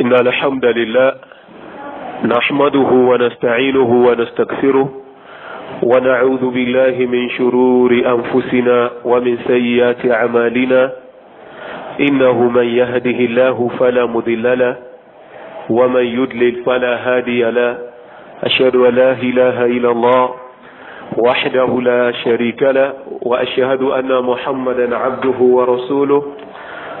إن الحمد لله نحمده ونستعينه ونستكثره ونعوذ بالله من شرور أنفسنا ومن سيئات أعمالنا إنه من يهده الله فلا مضل له ومن يدلل فلا هادي له أشهد أن لا إله إلا الله وحده لا شريك له وأشهد أن محمدا عبده ورسوله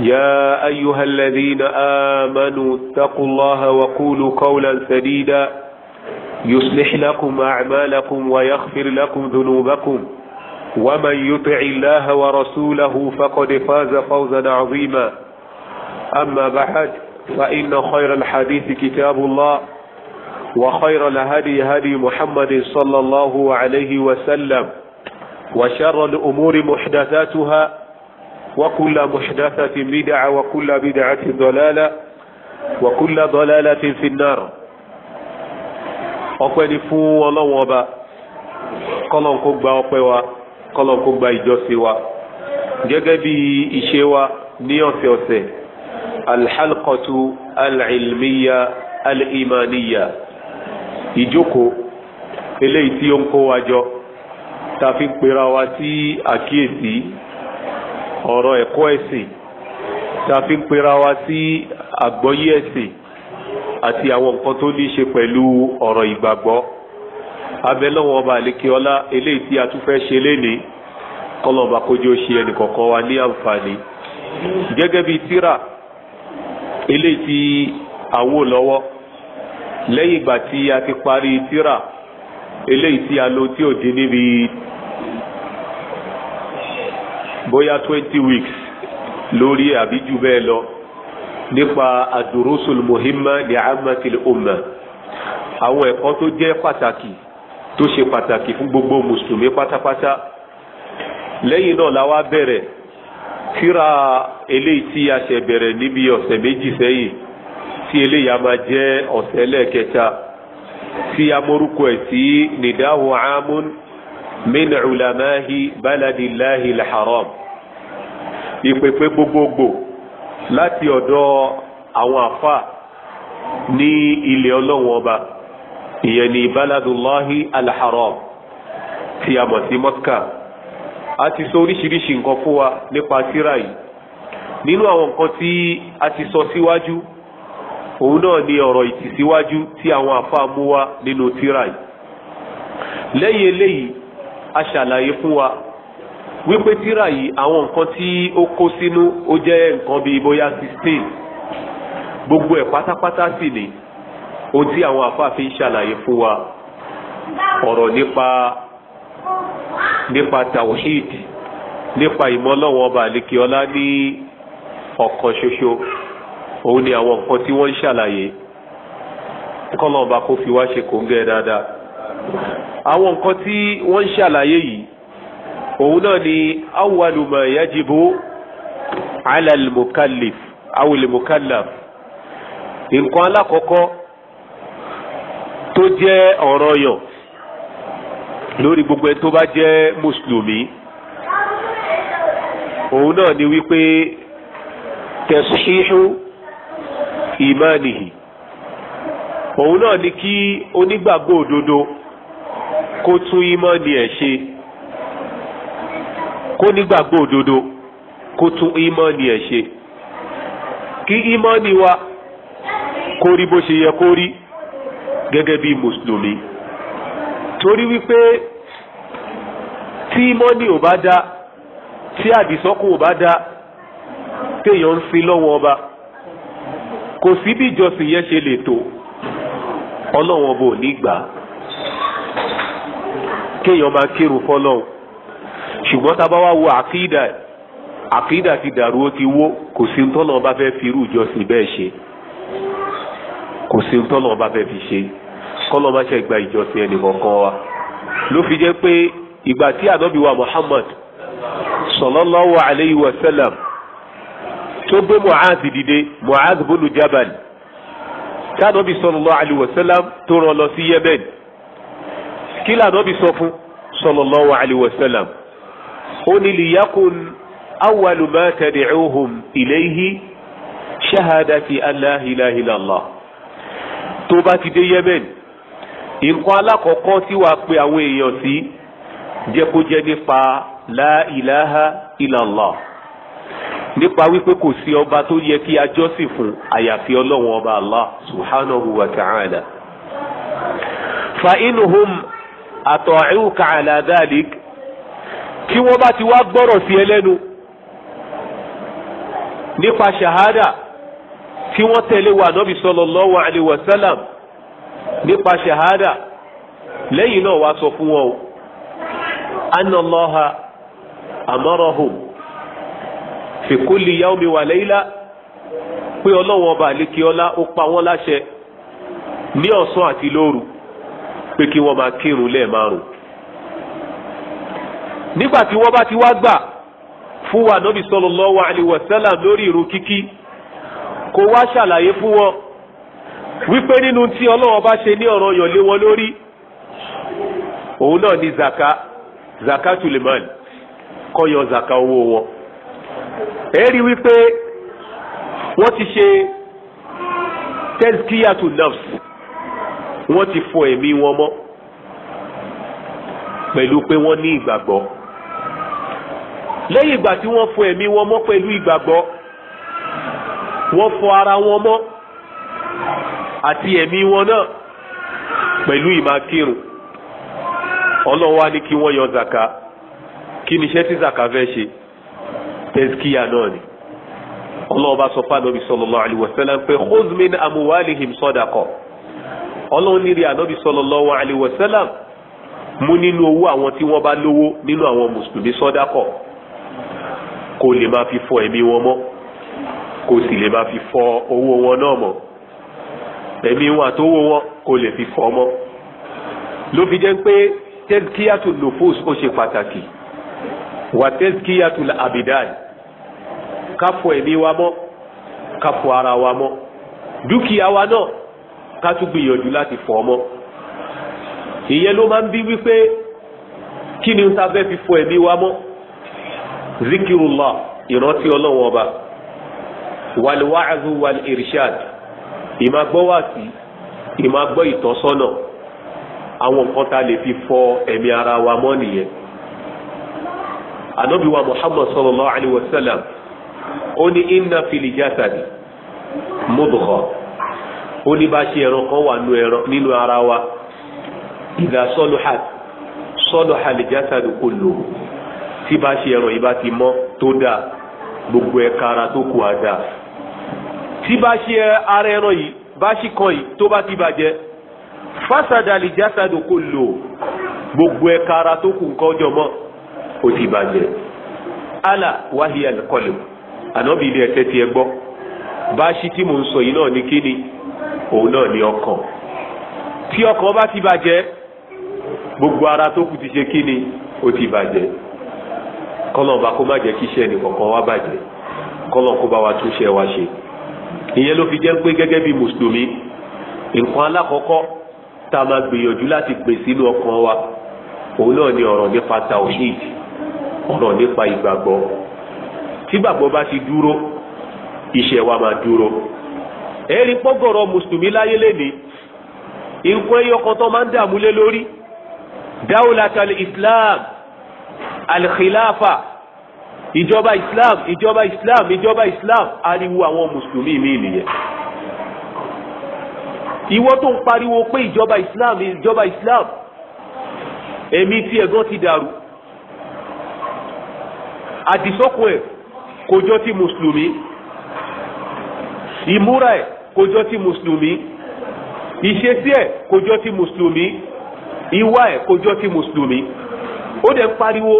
يا أيها الذين آمنوا اتقوا الله وقولوا قولا سديدا يصلح لكم أعمالكم ويغفر لكم ذنوبكم ومن يطع الله ورسوله فقد فاز فوزا عظيما أما بعد فإن خير الحديث كتاب الله وخير الهدي هدي محمد صلى الله عليه وسلم وشر الأمور محدثاتها وكل محدثة بدعة وكل بدعة ضلالة وكل ضلالة في النار ọpẹ́ ni fún ọlọ́wọ́n ọba kọ́lọ́n kó gba ọpẹ́ wa kọ́lọ́n kó gba ìjọsìn wa gẹ́gẹ́ bí ìṣe wa ní ọ̀sẹ̀ọ̀sẹ̀ alḥalqatu alilmiya alimaniya ìjókòó eléyìí tí ó ń kó wa jọ tá a fi ń pera wa sí àkíyèsí ọ̀rọ̀ ẹ̀kọ́ ẹ̀sìn tá a fi ń pera wa sí àgbọ́yé ẹ̀sìn àti àwọn nǹkan tó ní í ṣe pẹ̀lú ọ̀rọ̀ ìgbàgbọ́ abẹ́lọ́wọ́ ọba àlékè ọlá eléyìí tí a tún fẹ́ ṣe lénìí kọlọ̀ọ̀bà kójú ó ṣe ẹnìkọ̀ọ̀kan wa ní àǹfààní gẹ́gẹ́ bíi tíra eléyìí tí à lọ́wọ́ lẹ́yìn ìgbà tí a ti parí tíra eléyìí tí a lò tí ò dín níbi bóyá twenty weeks lórí ẹ̀ àbí jù bẹ́ẹ̀ lọ nípa adurusul muhimma ní amatil umma àwọn ẹ̀kọ́ tó jẹ́ pàtàkì tó ṣe pàtàkì fún gbogbo mùsùlùmí pátápátá lẹ́yìn náà la wá bẹ̀rẹ̀ kíra eléyìí tí a ṣe bẹ̀rẹ̀ níbi ọ̀sẹ̀ méjì sẹ́yìn tí eléyìí a máa jẹ́ ọ̀sẹ̀ lẹ́ẹ̀kẹta tí a mórúkọ ẹ̀ sí nìdáhùn amun min ulamahi baladillahi alharam ìpèpè gbogbogbò láti ọ̀dọ̀ àwọn àfà ní ilẹ̀ ọlọ́wọ́n ọba ìyẹn ni baladullahi alharam tí a mọ̀ sí mọ́ská a ti sọ oríṣiríṣi nǹkan fún wa nípa síra yìí nínú àwọn nǹkan tí a ti sọ síwájú òun náà ni ọ̀rọ̀ ìtìsíwájú tí àwọn àfà mú wá nínú síra yìí lẹ́yìn eléyìí a ṣàlàyé fún wa wípé tíra yìí àwọn nǹkan tí ó kó sínú ó jẹ́ nǹkan bíi bóyá sixteen gbogbo ẹ̀ pátápátá sì ni ohun tí àwọn àfáàfin ṣàlàyé fún wa ọ̀rọ̀ nípa nípa tawhid nípa ìmọ̀lọ́wọ́n ọba àlekíọ́lá ní ọ̀kan ṣoṣo òun ni àwọn nǹkan tí wọ́n ń ṣàlàyé kọ́lọ́ọ̀ba kó fi wá ṣe kòńgẹ́ dáadáa àwọn nǹkan tí wọ́n ń ṣàlàyé yìí òun náà ni awwalu ma yajibu ala al-mukallif awil mukallaf nǹkan alákọ̀ọ́kọ́ tó jẹ́ ọ̀ranyàn lórí gbogbo ẹ tó bá jẹ́ mùsùlùmí òun náà ni wípé tẹ̀síhíhù ìmánìhì òun náà ni kí onígbàgbọ́ òdodo kó tún ìmọ̀ni ẹ̀ ṣe kó nígbàgbọ́ òdodo kó tún ìmọ̀ni ẹ̀ ṣe kí ìmọ̀ni wa kó rí bó ṣe yẹ kó rí gẹ́gẹ́ bí mùsùlùmí torí wípé tí ìmọ̀ni ò bá dá tí àdìsọ́kùn ò bá dá téèyàn ń fi lọ́wọ́ ọba kò sí bí ìjọsìn yẹn ṣe lè tó ọlọ́wọ́n bò ní gbà á kéèyàn máa kírun fọlọ́hún ṣùgbọ́n tá a bá wá wo àkídà àkídà ti dàrú ó ti wó kò sí ntọ́nà ọba fẹ́ fi irú ìjọsìn bẹ́ẹ̀ ṣe kò sí ntọ́nà ọba fẹ́ fi ṣe kọ́nà má ṣe gba ìjọsìn ẹnìkọ̀ọ̀kan wa ló fi jẹ́ pé ìgbà tí ànábì wa Muhammad sallallahu alayhi wa sallam tó gbé Mu'adh dìde Mu'adh bónú Jabal tí ànábì sallallahu alayhi wa sallam tó rán lọ sí Yemen kí lànà bí sọ fún sallallahu alayhi wa sallam ó ní liyakun awwalu ma tad'uhum ilayhi shahadati an la ilaha illallah tó bá ti dé yemen nǹkan alákọ̀ọ́kọ́ tí wàá pe àwọn èèyàn sí jẹ́ kó jẹ́ nípa la ilaha illallah nípa wípé kò sí ọba tó yẹ kí a fún àyàfi ọlọ́run ọba allah subhanahu wa ta'ala fa inuhum ata'uka ala dhalik kí wọ́n bá ti wá gbọ́rọ̀ sí ẹ lẹ́nu nípa ṣahada tí wọ́n tẹ̀lé wa nọ́bi sallallahu alayhi wa sallam nípa ṣahada lẹ́yìn náà wá sọ fún wọn o anna Allaha amarahum fi kulli yawmi wa pé ọlọ́wọ́n ọba àlékiọ́lá ó pa wọ́n láṣẹ ní ọ̀sán àti lóru pé kí wọ́n máa kírun lẹ́ẹ̀márùn nígbà tí wọ́n bá ti wá gbà fún wa nọ́bì sallallahu alaihi wasallam lórí irun kíkí kó wá ṣàlàyé fún wọn wípé nínú tí Ọlọ́run bá ṣe ní ọ̀rọ̀ yàn lé wọn lórí òun náà ni zaka zakatul mal kó yọ zaka owó wọn ẹ rí wípé wọ́n ti ṣe tazkiyatun nafs wọ́n ti fọ ẹ̀mí wọn mọ́ pẹ̀lú pé wọ́n ní ìgbàgbọ́ lẹ́yìn ìgbà tí wọ́n fọ ẹ̀mí wọn mọ́ pẹ̀lú ìgbàgbọ́ wọ́n fọ ara wọn mọ́ àti ẹ̀mí wọn náà pẹ̀lú ìmákírun ọlọ́run wá kí wọ́n yọ zaka kí ni iṣẹ́ tí zaka fẹ́ ṣe tẹ́síkíyà náà ni ọlọ́run bá sọ fáànù bí sallallahu alaihi wasallam pé khudh min amwalihim sadaqa ọlọ́run ní rí ànábì sallallahu alaihi wasallam mú nínú owó àwọn tí wọ́n bá lówó nínú àwọn mùsùlùmí sọ́dákọ̀ kó lè máa fi fọ ẹ̀mí wọn mọ́ kó sì lè máa fi fọ owó wọn náà mọ́ ẹ̀mí wọn àtowó wọn kó lè fi fọ mọ́ ló fi jẹ́ pé tẹ́kíyàtù nufus ó ṣe pàtàkì wà tẹ́kíyàtù abidan ká ẹ̀mí wa mọ́ ká ara wa mọ́ dúkìá wa náà ká tún gbìyànjú láti fọ̀ ọmọ ìyẹn ló máa ń bí wípé kí ni ta fẹ́ fi fọ ẹ̀mí wa mọ́ zikirullah ìrántí ọlọ́wọ́n ọba wàlúwàázù wàlírṣad ìmàgbọ́wàsí ìmàgbọ́ ìtọ́sọ́nà àwọn nǹkan ta lè fi fọ ẹ̀mí ara wa mọ́ nìyẹn ó ní bá ṣe ẹran kan wà nínú ara wa ìdá sọlùhà sọlùhà lè jásàdù kò lò tí bá ṣe ẹran ìbá ti mọ́ tó dáa gbogbo ẹ̀ka ara tó kù àdá tí bá ṣe ara ẹran yìí bá ṣì kan yìí tó bá ti bàjẹ́ fásádà lè jásàdù kò lò gbogbo ẹ̀ka ara tó kù nǹkan ọjọ́ mọ́ ó ti bàjẹ́ ala wáhíyà kọlù ànábì ilé ẹ̀tẹ́ ti ẹ bá ṣí tí mò ń sọ yìí náà ní kíni òun náà ni ọkàn tí ọkàn bá ti bàjẹ́ gbogbo ara tó kù ti ṣe kí ni ó ti bàjẹ́ kọ́lọ̀ bá kó má jẹ́ kí iṣẹ́ nìkọ̀ọ̀kan wá bàjẹ́ kọ́lọ̀ bá wa tún ṣe wa ṣe ìyẹn ló fi jẹ́ pé gẹ́gẹ́ bí mùsùlùmí nǹkan alákọ̀ọ́kọ́ tá a máa gbìyànjú láti pè sínú ọkàn wa òun náà ni ọ̀rọ̀ nípa tawhid ọ̀rọ̀ nípa ìgbàgbọ́ tí ìgbàgbọ́ bá ti dúró iṣẹ́ wa máa dúró ẹ̀rí pọ́gọ̀rọ̀ mùsùlùmí láyé lénìí nǹkan ẹyọ kan tó máa ń dààmú lé lórí dáwùlátàl islam alkhilafa ìjọba islam ìjọba islam ìjọba islam ariwo àwọn mùsùlùmí mi nìyẹn ìwọ tó ń pariwo pé ìjọba islam ìjọba islam èmi tí ẹ̀gán ti dàrú àdìsọ́kùn ẹ̀ kò jọ ti mùsùlùmí ìmúra ẹ̀ kò jọ ti mùsùlùmí ìṣesí ẹ̀ kò jọ ti mùsùlùmí ìwà ẹ̀ kò ti mùsùlùmí ó dẹ̀ ń pariwo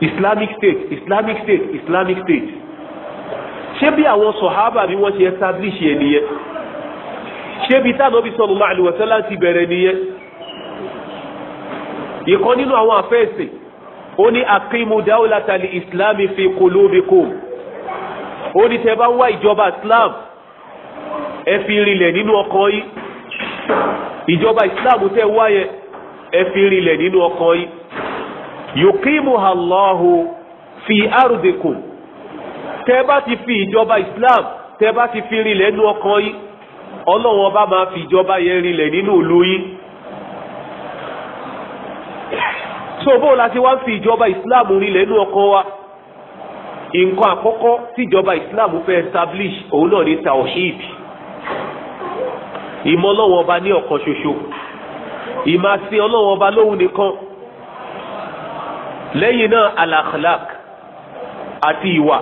islamic state islamic state islamic state ṣé bí àwọn sọ̀hábà bí wọ́n ṣe establish ẹ̀ nìyẹn ṣé bí tánàbí sallallahu alaihi wasallam ti bẹ̀rẹ̀ nìyẹn ìkan nínú àwọn àfẹ́ẹ̀sìn ó ní aqimu dawlata li islami fi qulubikum ó ní tẹ́ bá wá ìjọba islam ẹ fi rinlẹ̀ nínú ọkọ yìí ìjọba islam tẹ wáyẹ ẹ fi rinlẹ̀ nínú ọkọ yìí yuqimuha Allahu fi ardikum tebati bá ti fi ìjọba islam Tebati bá ti fi rinlẹ̀ nínú ọkọ yìí ọlọ́run ọba máa fi ìjọba yẹn rinlẹ̀ nínú ìlú yìí so bó la ti wá ń fi ìjọba islam rinlẹ̀ nínú ọkọ wa nǹkan àkọ́kọ́ tíjọba islam fẹ́ establish òun náà ní tawhid ìmọ̀ ọlọ́wọ́n ọba ní ọ̀kan ṣoṣo ìmọ̀ àti ọlọ́wọ́n ọba lóhun nìkan lẹ́yìn náà alakhlaq àti ìwà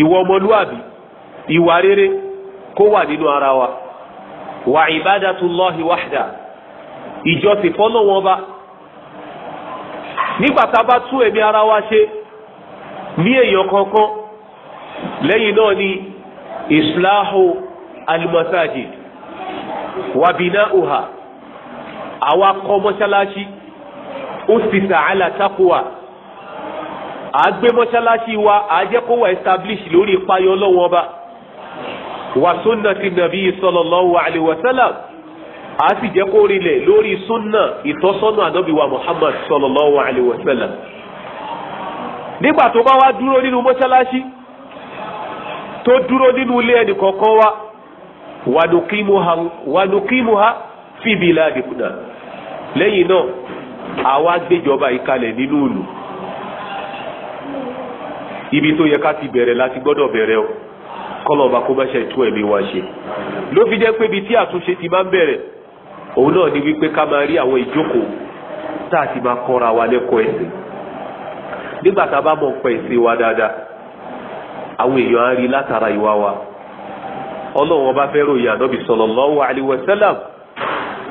ìwà ọmọlúwàbí ìwà rere kó wà nínú ara wa wà ìbádàtúlọ́hì wáhdà ìjọsìn fọ́lọ́wọ́n ọba nígbà tá a bá tún ẹ̀mí ara wa ṣe ní èèyàn kankan lẹ́yìn náà ni islahu alimasajid wa bina'uha àwa kọ́ mọ́ṣáláṣí ustisa ala taqwa àgbé mọ́ṣáláṣí wa àjẹ́ kó wà establish lórí ìpayọ lọ́wọ́ ọba wa sunnati nabi sallallahu alayhi wa a sì jẹ́ kó rinlẹ̀ lórí sunna ìtọ́sọ́nà ànábì wa muhammad sallallahu alayhi wa nígbà tó bá wá dúró nínú mọ́ṣáláṣí tó dúró nínú ilé ẹnì kọ̀ọ̀kan wa wanukimuha fi biladina lẹ́yìn náà àwa gbéjọba ìkalẹ̀ nínú ìlú ibi tó yẹ ká ti bẹ̀rẹ̀ láti gbọ́dọ̀ bẹ̀rẹ̀ o kọlọ̀ọ̀bá kó má ṣe tú ẹ̀mí wa ṣe ló fi jẹ́ pé ibi tí àtúnṣe ti máa ń bẹ̀rẹ̀ òun náà ni wípé ká máa rí àwọn ìjókòó tá a ti máa kọ́ra wa lẹ́kọ̀ọ́ ẹ̀sìn nígbà tá a bá mọ̀ pẹ̀ wa dáadáa àwọn èèyàn á rí látara ìwà wa ọlọ́run ọba fẹ́ ròyìn ànábì sallallahu alaihi wasallam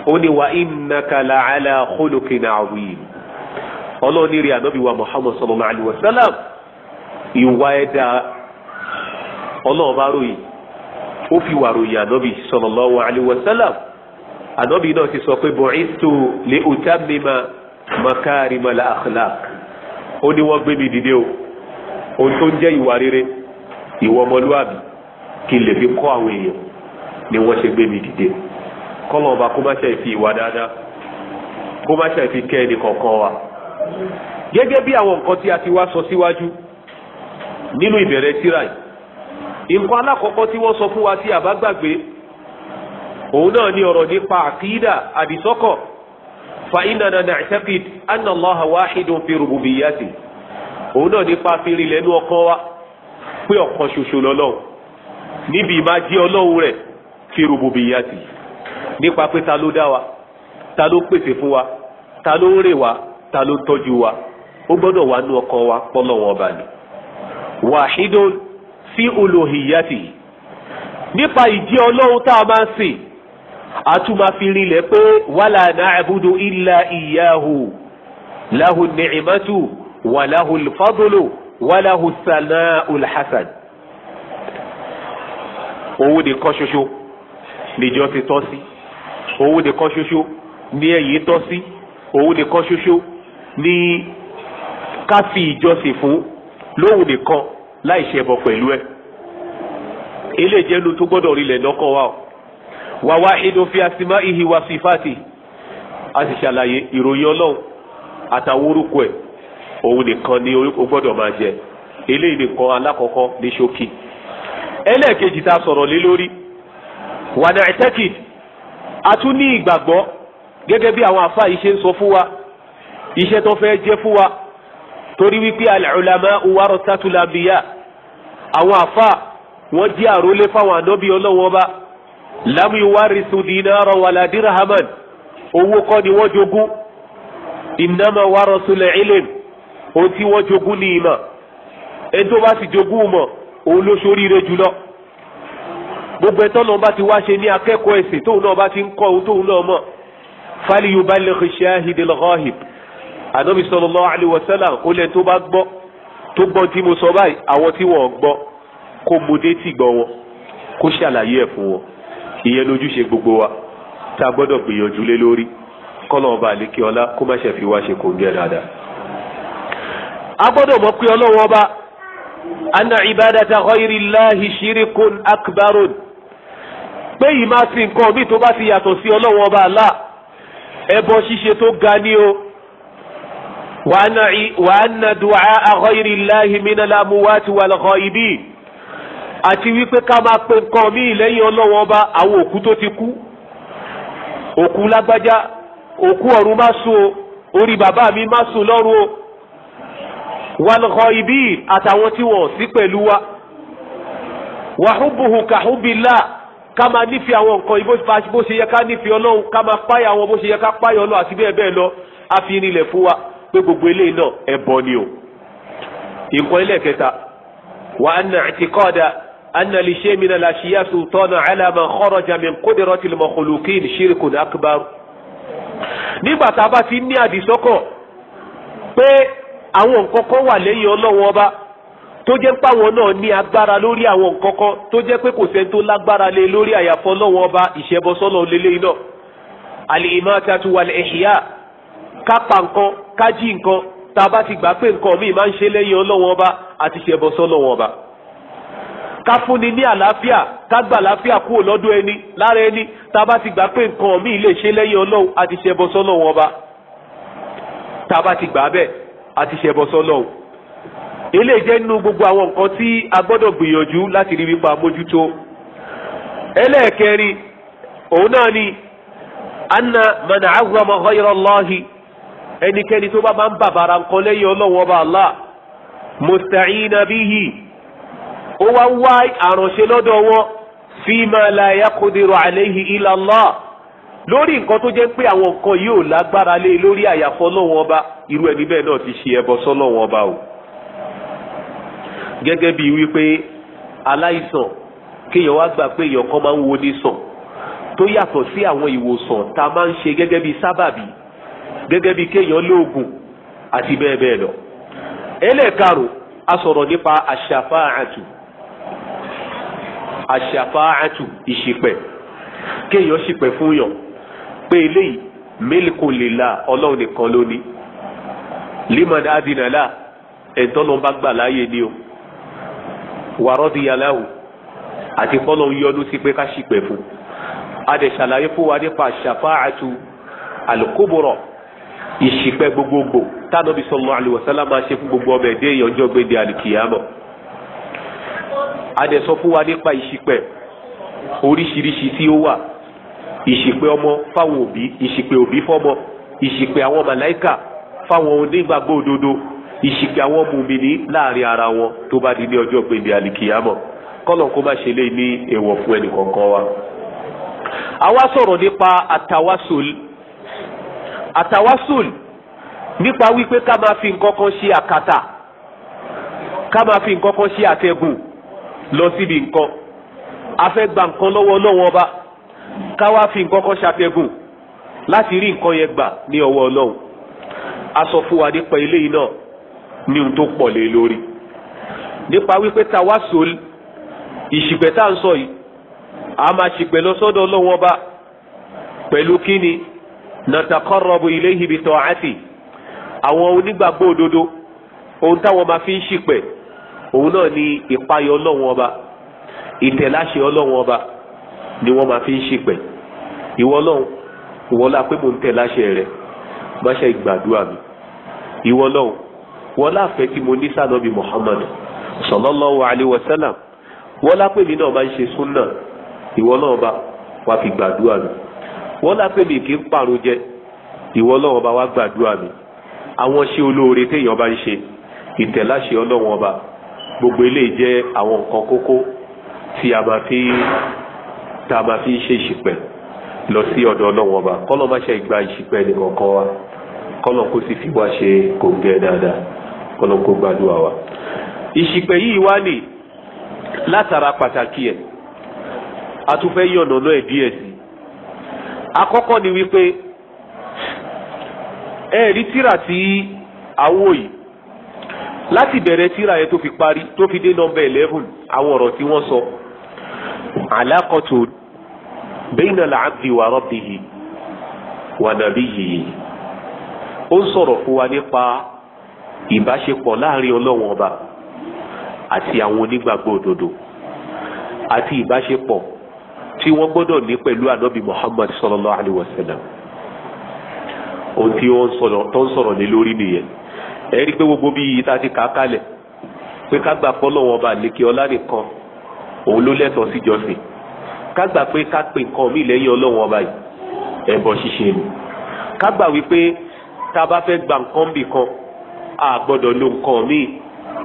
ó ní wa innaka la'ala khuluqin azim ọlọ́run ní rí ànábì wa muhammad sallallahu alaihi wasallam ìwà ẹ̀dá ọlọ́run ọba ròyìn ó fi wà ròyìn ànábì sallallahu alaihi wasallam ànábì náà ti sọ pé bu'istu li utammima makarimal akhlaq ó ní wọ́n kí n lè fi kọ́ àwọn èèyàn ni wọ́n ṣe gbé mi dìde kọ́lọ̀ ọba kó má fi ìwà dáadáa kó fi kẹ́ kọ̀ọ̀kan wa gẹ́gẹ́ bí àwọn nǹkan tí a ti wá sọ síwájú nínú ìbẹ̀rẹ̀ síra yìí nǹkan alákọ̀ọ́kọ́ tí wọ́n sọ fún wa tí a gbàgbé òun náà ni ọ̀rọ̀ nípa àdìsọ́kọ̀ fa inana na'taqid anna fi òun náà nípa fi rinlẹ̀ nú wa pé ọ̀kan ṣoṣo lọ́lọ́run níbi ìmá jẹ́ ọlọ́run rẹ̀ fi rububiyyati nípa pé ta ló dá wa ta ló pèsè fún wa ta ló rè wa ta ló tọ́jú wa ó gbọ́dọ̀ wà nú ọkàn wa pọ́lọ́wọ́n ọba ni. wahidun fi uluhiyyati nípa ìjẹ́ ọlọ́run tá a máa ń sìn àtúmọ̀ fi rinlẹ̀ pé wala na'budu illa iyyahu lahu ni'matu wa lahu al-fadlu wa lahu as-sana'u òun kọ ṣoṣo níjọ ti tọ́ sí òun kọ ṣoṣo ní ẹ̀yìn tọ́ sí òun kọ ṣoṣo ní ká ìjọsìn fún kọ láì pẹ̀lú ẹ̀ ilé tó gbọ́dọ̀ wa o. wá inú fi asimá ihi wa fati a sì ṣàlàyé ìròyìn ọlọ́run ni o gbọ́dọ̀ máa jẹ alákọ̀ọ́kọ́ ní ẹlẹ́ẹ̀kejì tá a sọ̀rọ̀ lé lórí wàdà ẹ̀tẹ́kì a tún ní ìgbàgbọ́ gẹ́gẹ́ bí àwọn àfa yìí ṣe ń sọ fún wa iṣẹ́ tó fẹ́ jẹ́ fún wa torí wípé al-ulama warasatul anbiya àwọn àfa wọ́n jẹ́ àrólé fáwọn ànábì ọlọ́wọ́n bá lam yuwarisu dinara wala dirhaman owó kọ́ ni wọ́n jogún innama warasul ilm ohun tí wọ́n jogún ní ìmọ̀ ẹni bá sì jogún mọ̀ òun ló ṣoríire jùlọ gbogbo ẹtọ́ náà bá ti wá ṣe ní akẹ́kọ̀ọ́ ẹ̀sìn tóun náà bá ti ń kọ́ ohun tóun náà mọ̀ fali yuballigh shahid al-ghahib anabi sallallahu alayhi wa sallam ó lẹ́ni tó bá gbọ́ tó gbọ́ tí mo sọ báyìí àwọn tí wọ́n gbọ́ kó mo dé tì gbọ́ wọn kó ṣàlàyé ẹ̀ fún wọn ìyẹn lójúṣe gbogbo wa tá a gbọ́dọ̀ gbìyànjú lé lórí kọ́lọ̀ ọba àlékè kó má ṣe fi wá ṣe kò ń gẹ́ dáadáa. a gbọ́dọ̀ mọ̀ pé ọlọ́wọ́ ọba أن عبادة غير الله shirikun أكبر. pé yìí máa sin nǹkan mi tó bá ti yàtọ̀ sí ọlọ́wọ́n ọba àlá ẹbọ ṣíṣe tó ga ni o wa anna du'a ghayri llahi minal amwati wal ghaibin àti wípé ká máa pe nǹkan mi lẹ́yìn ọlọ́wọ́n ọba àwọn òkú tó ti kú òkú lágbájá òkú ọ̀run má sùn o orí bàbá mi má sùn lọ́rùn o wàlùkọ́ ibi àtàwọn tí wọ́n sí pẹ̀lú wa wàhùbùhù kàhùbìlà ká máa nífẹ̀ẹ́ àwọn nǹkan bó ṣe yẹ ká nífẹ̀ẹ́ ọlọ́run ká máa páyà àwọn bó ṣe yẹ ká páyà ọlọ́run àti bẹ́ẹ̀ bẹ́ẹ̀ lọ á fi rinlẹ̀ fún wa pé gbogbo eléyìí náà ẹbọ ni o. nǹkan ilé kẹta wà á nà i'tiqada anna li shay'in min al-ashya sultana ala man kharaja min qudratil makhluqin shirkun akbar. nígbà tá a bá ti ní àdìsọ́kàn pé àwọn nǹkan kan wà lẹ́yìn ọlọ́wọ́n ọba tó jẹ́ páwọn náà ní agbára lórí àwọn nǹkan kan tó jẹ́ pé kò sẹ́ni tó lágbára lé lórí àyàfọ́ ọlọ́wọ́n ọba ìṣẹ́bọsọ́nà lélẹ́yìn náà al-imatatu wal-ihya kápá nǹkan kájí nǹkan tá a bá ti gbà pé nǹkan míì máa ń ṣe lẹ́yìn ọlọ́wọ́n ọba àti ìṣẹ́bọsọ́lọ́wọ́n ọba ká fúnni ní àlàáfíà ká gbà àlàáfíà kúrò lọ́dọ̀ ẹni lára ẹni tá a bá ti gbà pé nǹkan míì lè ṣe lẹ́yìn ọlọ́run àti ìṣẹ́bọsọ́lọ́wọ́n ọba tá a bá ti gbà bẹ́ẹ̀ àti ṣẹbọ sọ́lọ́run ilé jẹ́ nínú gbogbo àwọn nǹkan tí a gbọ́dọ̀ gbìyànjú láti rí wípa mójútó ẹlẹ́ẹ̀kẹrin òun náà ni anna mana agbama ghayrallahi ẹnikẹni tó bá máa ń bàbàrà nǹkan lẹ́yìn ọlọ́wọ́ ọba ó wá ń wá lọ́dọ̀ wọn Allah lórí nǹkan tó jẹ́ pé àwọn nǹkan yìí ò lágbára lé e lórí àyàfọ́ lọ́wọ́n ọba irú ẹni bẹ́ẹ̀ náà ti ṣe ẹbọ sọ́lọ́wọ́n ọba o. gẹ́gẹ́ bíi wípé aláìsàn kéèyàn wá gbà pé èèyàn kan máa ń wo ní sàn tó yàtọ̀ sí àwọn ìwòsàn tá a máa ń ṣe gẹ́gẹ́ bíi sábàbí gẹ́gẹ́ bíi kéèyàn lóògùn àti bẹ́ẹ̀ bẹ́ẹ̀ lọ. ẹlẹ́ẹ̀karùn a sọ̀rọ̀ nípa àṣàfáàtù àṣàfáàtù ìṣìpẹ̀ kéèyàn ṣìpẹ̀ fún yàn pé eléyìí mílíkùn lèlà ọlọ́run nìkan ló ní limad adinala ẹ̀ńtọ́lọ́n bá gbà láàyè ni o wàrọ́dì yàláwù àti kọ́lọ̀ ń yọnu sí pé ká ṣìpẹ̀ fún adẹ̀ ṣàlàyé fún wa nípa ṣàfáàtú alukóbọ̀rọ̀ ìṣìpẹ̀ gbogbogbò tánàbí sallallahu alaihi wasallam máa ṣe fún gbogbo ọmọ ẹ̀dẹ́ ìyànjọ́ gbèdé àlìkìyàmọ̀ adẹ̀ fún wa nípa ìṣìpẹ̀ oríṣiríṣi tí ó wà ìṣìpè ọmọ fáwọn òbí ìṣìpè òbí fọmọ ìṣìpè àwọn màláìkà fáwọn onígbàgbọ́ òdodo ìṣìpè àwọn mùmìnì láàrin ara wọn tó bá di ní ọjọ́ gbèndé àlìkìyàmọ̀ kọ́lọ̀ kó má ṣe lé ní èèwọ̀ fún ẹnì kọ̀ọ̀kan wa. àwa sọ̀rọ̀ nípa àtàwásùl àtàwásùl nípa wípé ká máa fi nǹkan kan ṣe àkàtà ká máa fi nǹkan kan ṣe àtẹ̀gùn lọ síbi nǹkan a fẹ́ gba nǹkan lọ́wọ́ lọ́wọ́ ọba ká wá fi nǹkan kan ṣàtẹ̀gùn láti rí nǹkan yẹn gbà ní ọwọ́ ọlọ́run a sọ fún wa nípa eléyìí náà ní ohun tó pọ̀ lé lórí nípa wípé tawassul ìṣìpẹ̀ tá à ń sọ yìí a máa ṣìpẹ̀ lọ sọ́dọ̀ ọlọ́run ọba pẹ̀lú kíni nataqarrabu ilayhi bi ta'ati àwọn onígbàgbọ́ òdodo ohun táwọn máa fi ń ṣìpẹ̀ òun náà ni ìpayọ̀ ọlọ́run ọba ìtẹ̀láṣẹ ọlọ́run ọba ni wọ́n máa fi ń ṣìpẹ̀ ìwọ ọlọ́run ìwọ ọlá pé mò ń tẹ̀ láṣẹ rẹ má ṣe mi ìwọ ọlọ́run wọ́n tí mo ní sànàbí Muhammad sallallahu alaihi wasallam wọ́n lápẹ́ mi náà máa ń ṣe súnà ìwọ náà bá wà fi gbàdúrà mi wọ́n lápẹ́ mi kì í pààrọ̀ jẹ ìwọ náà bá wà gbàdúrà mi àwọn ṣe olóore téèyàn bá ń ṣe ìtẹ̀láṣẹ ọlọ́wọ́n ọba gbogbo eléyìí jẹ́ àwọn nǹkan kókó tí a máa fi tá a máa fi ń ṣe ìṣìpẹ̀ lọ sí ọ̀dọ̀ ọlọ́wọ́n ọba kọ́lọ́ má ṣe ìgbà ìṣìpẹ̀ nìkọ̀ọ̀kan wa kọ́lọ́ kó sì fi wá ṣe kòǹgẹ́ dáadáa kọ́lọ́ kó gbàdúrà wa. ìṣìpẹ̀ yìí wá nì látara pàtàkì ẹ̀ a tún fẹ́ yànnà náà ẹ̀ díẹ̀ sí àkọ́kọ́ ni wípé ẹ̀rí tíra tí awó yìí láti bẹ̀rẹ̀ tíra yẹn tó fi parí tó fi dé nọ́mbà eleven àwọn ọ̀rọ̀ tí wọ́n sọ. So alákọ̀tù بين العبد وربه wa rabbihi wa nabiyyihi ó ń sọ̀rọ̀ fún wa nípa ìbáṣepọ̀ láàrin ọlọ́wọ́n ọba àti àwọn onígbàgbọ́ òdodo àti ìbáṣepọ̀ tí wọ́n gbọ́dọ̀ ní pẹ̀lú ànábì Muhammad sallallahu alayhi wa sallam ohun tí wọ́n tó ń sọ̀rọ̀ lé lórí nìyẹn ẹ rí pé gbogbo bí yìí ti kà kalẹ̀ pé ká gbà pọ́ lọ́wọ́ ọba àlékè ọlá nìkan òun ló lẹ́tọ̀ọ́ sí jọ́sìn ká gbà pé ká pe nǹkan mi lẹ́yìn ọlọ́run ọba yìí ẹbọ ṣíṣe ni ká gbà wípé tá a bá fẹ́ gba nǹkan bì kan a gbọ́dọ̀ lo nǹkan mi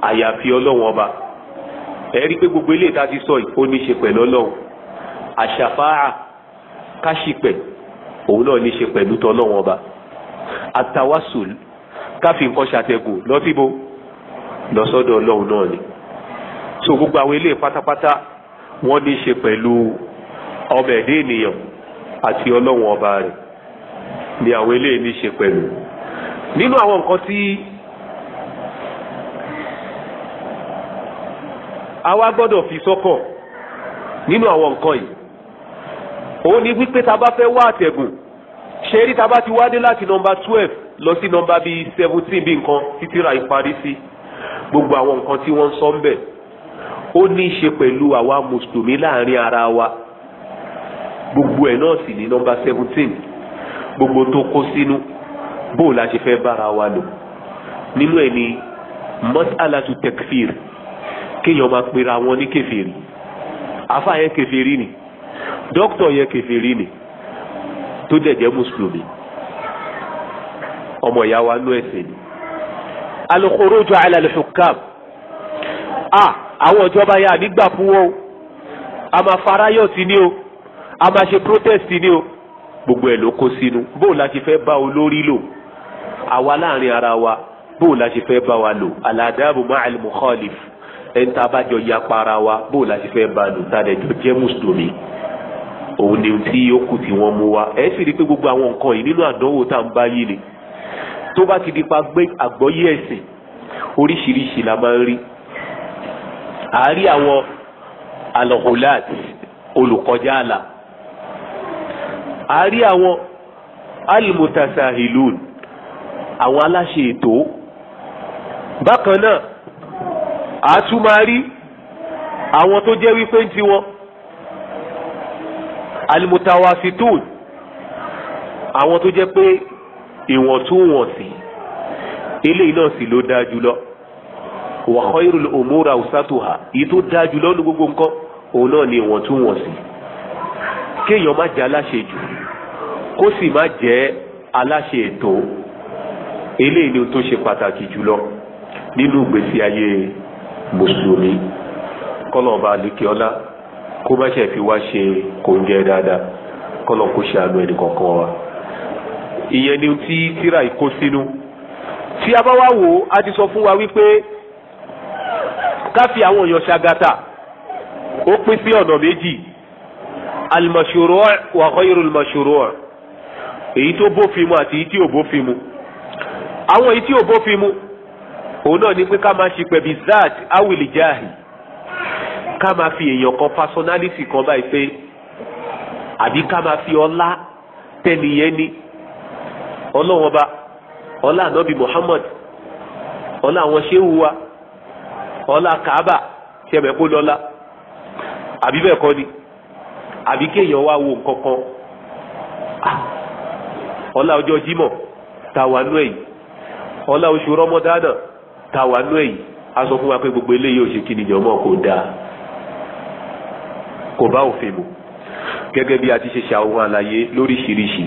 àyàfi ọlọ́run ọba ẹ rí i pé gbogbo eléyìí tá a ti sọ yìí ó ní í ṣe pẹ̀lú ọlọ́run àṣàfáà káṣípẹ̀ òun náà ní í ṣe pẹ̀lú tọ́lọ́run ọba àtàwásùl káfí nǹkan ṣàtẹ̀gùn lọ́síbo lọ́sọ́dọ̀ ọlọ́run náà ni so gbogbo àwọn eléyìí pátápátá wọ́n ní ṣe pẹ̀lú ọmọ ẹ̀dẹ́ ènìyàn àti ọlọ́run ọba rẹ̀ ni àwọn eléyìí ní ṣe pẹ̀lú nínú àwọn nǹkan tí àwa gbọ́dọ̀ fi sọ́kàn nínú àwọn nǹkan yìí òun ni wípé ta bá fẹ́ wá àtẹ̀gùn ṣe rí ta bá ti wá dé láti nọmba twelve lọ sí nọmba bíi seventeen bí nǹkan títí ra ìparí sí gbogbo àwọn nǹkan tí wọ́n ń sọ ń bẹ̀ ó ní í ṣe pẹ̀lú àwa mùsùlùmí láàrin ara wa gbogbo ẹ̀ náà sì ní nọ́mbà seventeen gbogbo tó kó sínú bó la ṣe fẹ́ bára wa lò nínú ẹ̀ ni mọ́sálàtú tekfir kéèyàn máa pera wọn ní kẹfìrí afa yẹn kẹfìrí ni dókítà yẹn kẹfìrí ni tó dẹ̀ jẹ́ mùsùlùmí ọmọ ìyá wa nú ẹ̀sìn ni alukoro jọ alẹ́ lẹ́sùn káàbù a àwọn ìjọba yẹn ànígbà fún wọn o a máa farayọ̀ sí ni o a máa ṣe protest ni o gbogbo ẹ̀ ló kó sínú bóun la ṣe fẹ́ bá olórí lò àwa láàrin ara wa bóun la ṣe fẹ́ bá wa lò aladabu ma'al mukhalif ẹni tá a bá jọ yapa ara wa bóun la ṣe fẹ́ bá lò tá a lè jọ jẹ́ mùsùlùmí òun ni tí ó tí wọ́n mú wa ẹ̀ sì rí i pé gbogbo àwọn nǹkan yìí nínú àdánwò tá à ń bá yìí ni tó bá ti di pa gbé àgbọ́yé ẹ̀sìn oríṣiríṣi la máa ń rí àárí àwọn alholat olùkọjá àlà àárí àwọn almutasahilun àwọn aláṣẹ ètò bákan náà àtúmárí àwọn tó jẹ́ wípé ń tiwọn almutawasitun àwọn tó jẹ́ pé ìwọ̀ntúnwọ̀nsì eléyìí náà sì ló dáa jùlọ wa khairul umuri awsatuha èyí tó dáa jù lọ́nu gbogbo nǹkan òun náà ni ìwọ̀ntúnwọ̀nsì kéèyàn má jẹ́ aláṣejù kó sì má jẹ́ aláṣe ètò eléyìí ni tó ṣe pàtàkì jùlọ nínú ìgbésí ayé mùsùlùmí kọ́lọ̀ọ̀bá alikiola kó má ṣe fi wá ṣe kòńgẹ́ dáadáa kọ́lọ̀ kó ṣe àánú ẹnì kọ̀ọ̀kan wa ìyẹn ni tí tíra ìkó sínú tí a bá wá wò ó ti sọ fún wa wípé káfí àwọn èèyàn ṣàgàtà ó pín sí ọ̀nà méjì al-mashru' wa ghayru al-mashru' èyí tó bófin mu àti èyí tí ò bófin mu àwọn èyí tí ò bófin mu òun náà ni pé ká máa ṣe pẹ̀bí zad awilijahi ká máa fi èèyàn kan personality kan báyìí pé àbí ká máa fi ọlá tẹnìyẹn ni ọlọ́wọ́n ba ọlá ànábì Muhammad ọlá àwọn ṣéwù wa ọlá kaaba tí ẹ̀mẹ̀ kó lọ́lá àbí bẹ́ẹ̀ kọ́ ni àbí kéèyàn wá wo nǹkan kan ah, ọlá ọjọ́ jímọ̀ tàwa nú èyí ọlá oṣù rọmọdánà tàwa nú èyí a sọ fún wa pé gbogbo eléyìí ò kí nìyàn mọ̀ kó dáa kò bá òfin mu gẹ́gẹ́ bí a ti ṣe ṣe àwọn àlàyé lóríṣiríṣi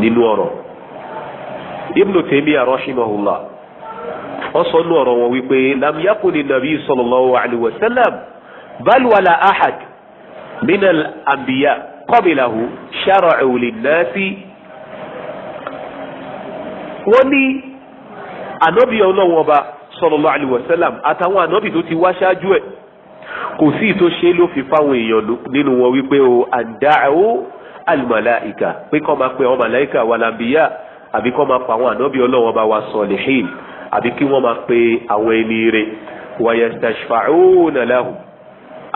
nínú ọ̀rọ̀ Ibn Taymiyyah rahimahullah wọ́n sọ nú ọ̀rọ̀ wọn wípé lam yakuni nabi sallallahu alayhi wa sallam bal wala ahad minal anbiya qablahu shara'u linnasi. wọ́n ní ànábì ọlọ́wọ́n ọba sallallahu alayhi wa sallam àtàwọn ànábì tó ti wá ṣáájú ẹ̀ kò sí ìtò ṣe ló fi fáwọn èèyàn nínú wọn wípé o àdáwó almalaika pé kọ́ máa pe àwọn màláìka wàlàmbíyà àbí kọ́ máa pa àwọn ànábì ọlọ́wọ́n ọba wa salihin àbí kí wọ́n máa pe àwọn ẹni rẹ̀ wayastashfa'una lahu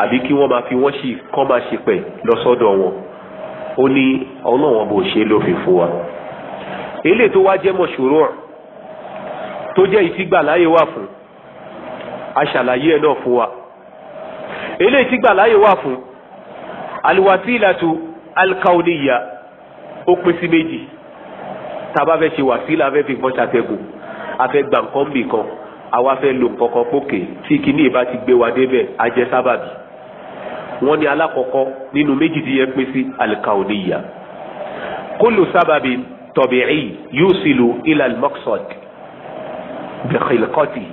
àbí kí wọ́n máa fi wọ́n sì kọ́ máa ṣe pẹ̀ lọ́sọ́dọ̀ wọn ó ní ọlọ́wọ́n bò ṣe lófin fún wa eléyìí tó wá jẹ́ mọ̀ṣúrọ̀ tó jẹ́ ìtìgbà láyé wà fún aṣàlàyé ẹ̀ náà fún wa eléyìí tí gbàláyè wà fún aliwasilatu alkaoniya ó pín sí méjì tá a bá fẹ́ ṣe wàsílà fẹ́ fi fọ́n ṣàtẹ̀gùn afẹ́ gbà nǹkan bì kan àwa fẹ́ lo nǹkan kan pókè tí kinní ìbá ti gbé wa débẹ̀ á jẹ́ sábàbí wọ́n ní alákọ̀ọ́kọ́ nínú méjì tí yẹn pín sí alikaoniya kólù sábàbí tọ̀bìrì yóò sì lu ilal maqsad bẹ̀kìlkọ́tì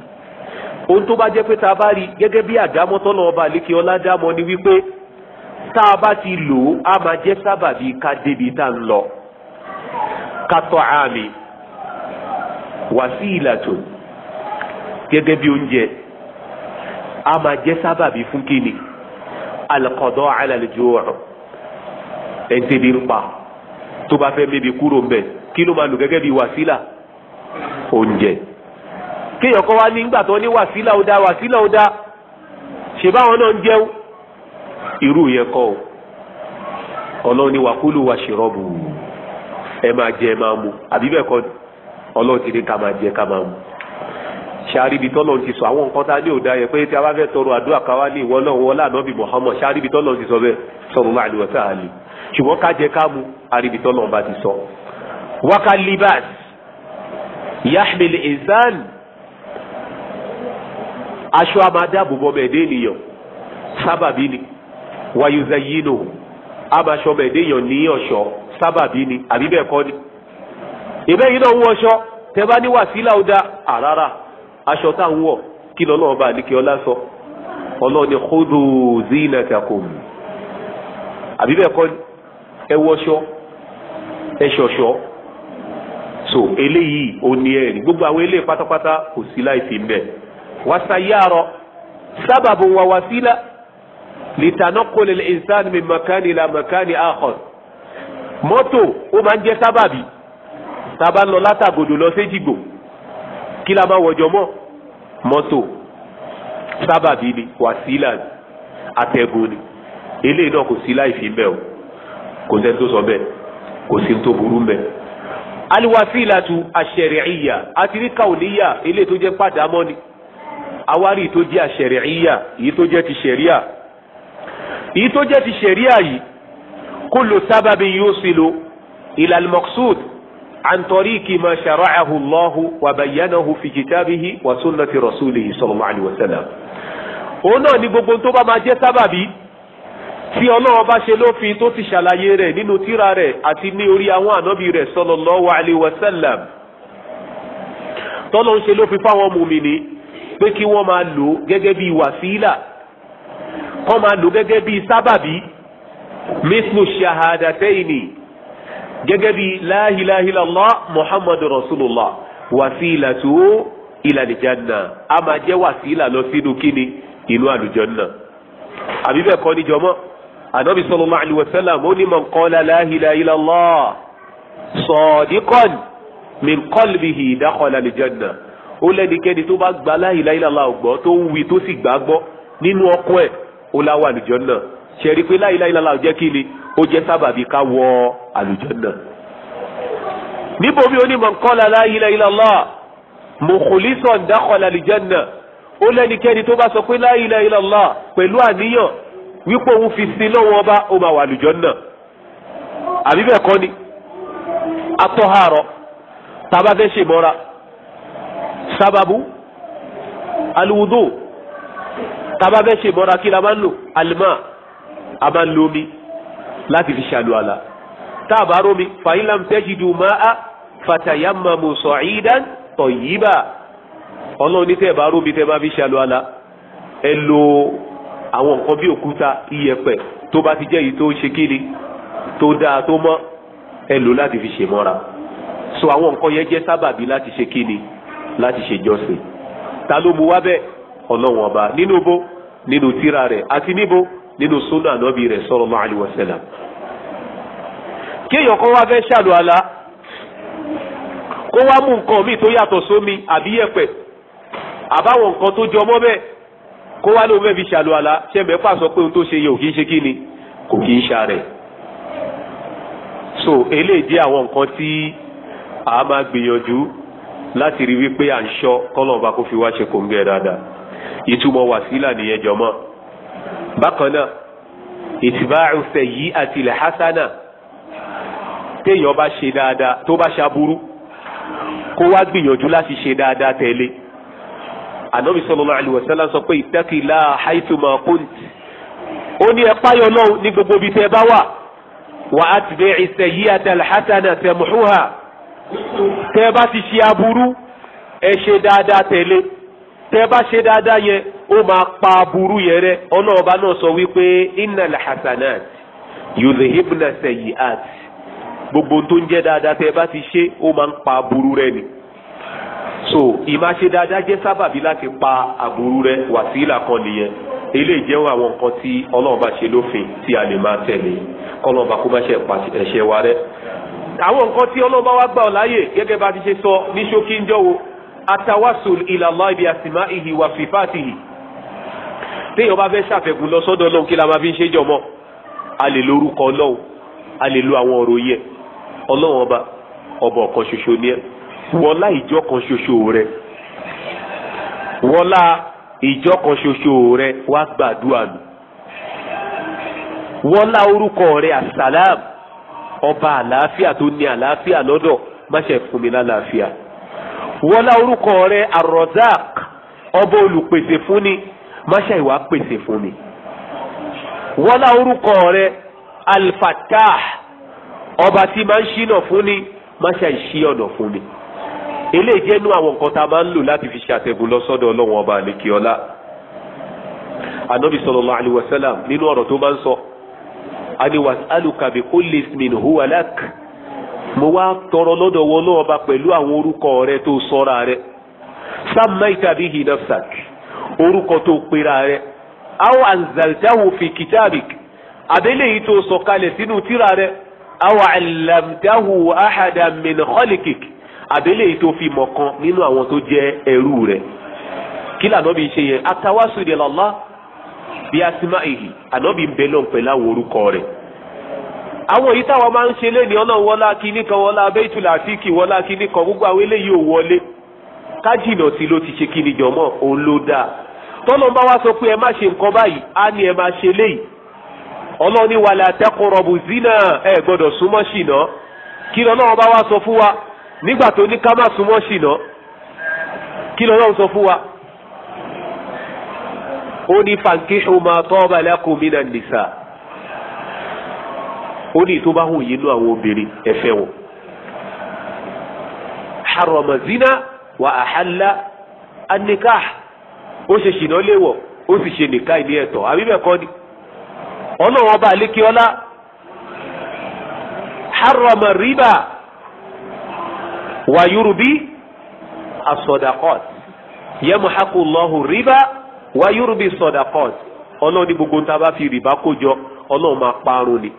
ohun tó bá jẹ́ pé tá a bá rí gẹ́gẹ́ bí àdámọ́ ọba àlékè ọlá dámọ́ ni wípé tá a bá ti lò ó a máa jẹ́ sábàbí ká débi tá a ń lọ ká àmì wàsíìlàtò gẹ́gẹ́ bí oúnjẹ a máa jẹ́ sábàbí fún kíni alqada ala al-ju' ẹ̀ǹtẹ̀ bí ń pa tó bá fẹ́ mébi kúrò ń bẹ̀ kí ló máa lò gẹ́gẹ́ bí wàsílà oúnjẹ kéèyàn kọ́ wá nígbà tó ní wàsílà ó dá wàsílà ó dá ṣe báwọn náà ń jẹun irú yẹn kọ́ o ọlọ́run ni wàkúlù wàṣírọ́bù ẹ máa jẹ ẹ máa mu àbí bẹ́ẹ̀ kọ́ ni ọlọ́run ti ní ká máa jẹ ká máa mu ṣáàríbi tọ́lọ̀ ti sọ àwọn nǹkan tá ní òdá yẹ pé tí a bá fẹ́ tọrọ àdúrà káwá ní ìwọ náà wọlá ànábì Muhammad ṣáàríbi tọ́lọ̀ ti sọ bẹ́ẹ̀ sọ̀rọ̀ máa lùwọ̀ sáà lè ṣùgbọ́n ká jẹ ká mu àríbi tọ́lọ̀ bá ti sọ. wákà libas yahmil insan aṣọ a máa ènìyàn sábàbí ni wayuzayyinu a máa èèyàn ní ọ̀ṣọ́ sábàbí ni àbí ni ìbẹ́ yìí náà ń wọṣọ tẹ bá ní wàsílà ó dá àràrà aṣọ tá ń wọ̀ kí lọ́nà ọba àdìkẹ́ ọlá sọ ọlọ́ọ̀ni kódò zinatakum àbí bẹ́ẹ̀ kọ́ ẹ wọṣọ ẹ ṣọ̀ṣọ́ so eléyìí ò ní ẹ̀rí gbogbo àwọn eléyìí pátápátá kò sí láìsí mbẹ́ wasayaro sábàbù wa wàsílà litanaqul al-insan min makani ila makani akhar mọ́tò ó máa ń jẹ́ sábàbí tá a bá lọ látàgòdò lọ séjìgbò kí la máa wọjọ mọ́ mọ́tò sábàbí ni wàsílà ni atẹ́gùn ni eléyìí náà kò sí láìfi mbẹ o kò sẹ́ni tó sọ bẹ́ẹ̀ kò sí tó burú mbẹ. aliwasila tu aṣẹ̀rẹ̀ìyà àti ní eléyìí tó jẹ́ pàdámọ́ ni awárí tó jẹ́ aṣẹ̀rẹ̀ìyà èyí tó jẹ́ ti ṣẹ̀ríà èyí tó jẹ́ ti ṣẹ̀ríà yìí kullu sábàbí yóò sì lo ìlàlmọ́ksúd عن طريق ما شرعه الله وبينه في كتابه وسنة رسوله صلى الله عليه وسلم هنا náà ni gbogbo tó bá máa jẹ́ sábàbí tí ọlọ́run bá ṣe lófin tó ti ṣàlàyé rẹ̀ nínú tírà rẹ̀ àti ní orí àwọn ànábì rẹ̀ sallallahu alaihi wasallam tọ́lọ́ ń ṣe lófin fáwọn mùmìnì pé kí wọ́n máa lò gẹ́gẹ́ bí wàsílà kọ́ máa lò gẹ́gẹ́ bí sábàbí mislu shahadataini gẹ́gẹ́ bí la ilaha illallah muhammadu rasulullah wasilatu ila aljanna a máa jẹ́ wàsílà lọ sínú kíni inú àlùjànnà àbí bẹ́ẹ̀ kọ́ níjọ́mọ́ anabi sallallahu alayhi wa sallam ó ní man qala la ilaha illallah sadiqan min qalbihi dakhala aljanna ó lẹ́nikẹ́ni tó bá gba la ilaha tó ń wí tó sì gbàgbọ́ nínú ọkọ ṣẹ̀rí pé láìláìláìlá jẹ́ kí ni ó jẹ́ sábàbí ká wọ àlùjànnà. níbo mi onímọ̀ kọ́lá láìláìláìlá mùkùlísọ̀ dákọ̀lá àlùjànnà ó lẹ́nikẹ́ni tó bá sọ pé láìláìláìlá pẹ̀lú àníyàn wípé òun fi sin lọ́wọ́ ọba ó máa wà àlùjànnà. àbí bẹ́ẹ̀ kọ́ ni atọ́hárọ̀ tábà fẹ́ ṣe mọ́ra sábàbù alùwùdó tábà fẹ́ ṣe mọ́ra kí la máa ń lò àlùmáà a máa ń lo omi láti fi ṣàlùwàlà tá a bá rómi fàyínlám tẹ́jìdù máa fatayamamu sa'idan tayyiba ọlọ́run ní tẹ́ ẹ bá rómi tẹ́ ẹ bá fi ṣàlùwàlà ẹ lo àwọn nǹkan bí òkúta iyẹ̀pẹ̀ tó bá ti jẹ́ èyí tó ń ṣe kíni tó dáa tó mọ́ ẹ lò láti fi ṣe mọ́ra so àwọn nǹkan yẹn jẹ́ sábàbí láti ṣe kíni láti ṣe jọ́sìn ta ló mu wá bẹ́ẹ̀ ọlọ́run ọba nínú bo nínú tírà rẹ̀ àti níbo nínú súnà nọ́bì rẹ̀ sallallahu alaihi wasallam kéèyàn kan wá fẹ́ ṣàlùwàlá kó wá mú nǹkan míì tó yàtọ̀ sómi àbí yẹ̀pẹ̀ àbáwọn nǹkan tó jọmọ́ bẹ́ẹ̀ kó wá lóun fẹ́ fi ṣàlùwàlá ṣẹ́mi ẹ̀fà sọ pé ohun tó ṣe yẹ ò ṣe kí ni kò kì í ṣa rẹ̀ so eléyìí àwọn nǹkan tí a máa gbìyànjú láti rí wípé à ń ṣọ́ kọ́lọ́ọ̀bá kó fi wá ṣe kòǹgẹ́ dáadáa ìtumọ̀ wàsílà nìyẹn jọmọ́ bákan náà ìtìbáàrù sẹ̀yí àti ilẹ̀ hasana téèyàn bá ṣe dáadáa tó bá ṣaburú kó wá gbìyànjú láti ṣe dáadáa tẹ̀lé ànábì sallallahu alaihi wasallam sọ pé ittaqillaha haythu ma kunt ó ní ẹ páyọ náà ní gbogbo ibi tẹ́ bá wà wà á ti bẹ́ẹ̀ ìsẹ̀yí àti ilẹ̀ hasana tamhuha tẹ́ bá ti ṣe aburú ẹ ṣe dáadáa tẹ̀lé tẹ́ bá ṣe dáadáa yẹn ó máa pa aburú yẹn rẹ ọlọ́ọ̀bá náà sọ wípé innal hasanat yudhibna sayyi'at gbogbo tó ń jẹ́ dáadáa tẹ́ ẹ bá ti ṣe ó máa ń pa aburú rẹ ni so ìmáṣe dáadáa jẹ́ sábàbí láti pa aburú rẹ wàsílà kan nìyẹn eléyìí jẹ́ àwọn nǹkan tí ọlọ́ọ̀bá ṣe lófin tí a lè máa tẹ̀lé kọ́lọ́ọ̀bá kó má ṣe pa ẹ̀ṣẹ̀ wa rẹ àwọn nǹkan tí ọlọ́ọ̀bá wa gbà ọ́ láyè gẹ́gẹ́ bá ti ṣe sọ ní ṣókí ń jọ́wọ́ atawasul ila Allah bi asma'ihi wa téèyàn bá fẹ́ ṣàfẹ́kù lọ sọ́dọ̀ ọlọ́run kí la máa fi ń ṣe jọmọ́ a lè lo orúkọ ọlọ́run a lè lo àwọn ọ̀rọ̀ yẹ ọlọ́run ọba ọba ọ̀kan ṣoṣo ni ẹ wọlá ìjọ kan ṣoṣo rẹ wọlá ìjọ kan ṣoṣo rẹ wá gbàdúrà nù wọlá orúkọ rẹ asalaam ọba àlàáfíà tó ní àlàáfíà lọ́dọ̀ má ṣe fún mi lálàáfíà wọlá orúkọ rẹ arọzak ọba olùpèsè fúnni máṣá ìwà pèsè fún mi. wọ́n lá orúkọ rẹ alfatah ọba tí máa ń ṣínà fún ni máṣá ìṣí ọ̀nà fún mi. eléyìí jẹ́ nú àwọn nǹkan tá a máa ń lò láti fi ṣàtẹ̀gùn lọ́sọ́dọ̀ ọlọ́run ọba àlekíọ́lá. anabi sallallahu alaihi wasallam nínú ọ̀rọ̀ tó máa ń sọ ani wasaluka bi kulli ismin huwa lak mo wá tọrọ lọ́dọ̀ wọn náà ọba pẹ̀lú àwọn orúkọ rẹ tó sọ́ra rẹ samaita bihi nafsak orúkọ tó pera rẹ̀ aw anzaltahu fi kitabik abẹ́lẹ̀ yìí tó sọ kalẹ̀ sínú tírà rẹ̀ allamtahu ahadan min khalikik abẹ́lẹ̀ yìí tó fi mọ̀ kan nínú àwọn tó jẹ́ ẹrú rẹ̀ kí lànàbí ṣe yẹn atawasul ila Allah bí asma'ihi ànàbí ń bẹ lọ́n pẹ̀lú àwọn orúkọ rẹ̀ àwọn èyí táwọn máa ń ṣe ọlọ́run wọlá kan wọlá kájìnà sí ló ti ṣe kí ni jọ̀mọ́ òun ló dáa tọ́lọ́n bá wá sọ pé ẹ má ṣe nǹkan báyìí á ní ẹ máa ṣe léyìí ọlọ́run ní wàlẹ̀ àtẹ́kọ̀rọ̀bù zina ẹ gbọ́dọ̀ súnmọ́ ṣìnà kí lọ́lọ́run bá wá sọ fún wa nígbà tó ní ká má súnmọ́ ṣìnà kí lọ́lọ́run sọ fún wa ó ní fankihu ma taba lakum minan nisa ó ní tó bá hùn yìí nú àwọn obìnrin ẹ wọn wa àhálà aníkà ó ṣe ṣìnà léwọ̀ ó sì ṣe nìka ìní ẹ̀tọ́ àbí ni ọlọ́wọ́n bá River ọlá harama riba wà yorùbí asọ̀dàkọ́t yẹmuhaku lọ́hùn riba wà yorùbí sọ̀dàkọ́t ọlọ́run ní gbogbo ta bá fi riba kó ọlọ́run máa parun ni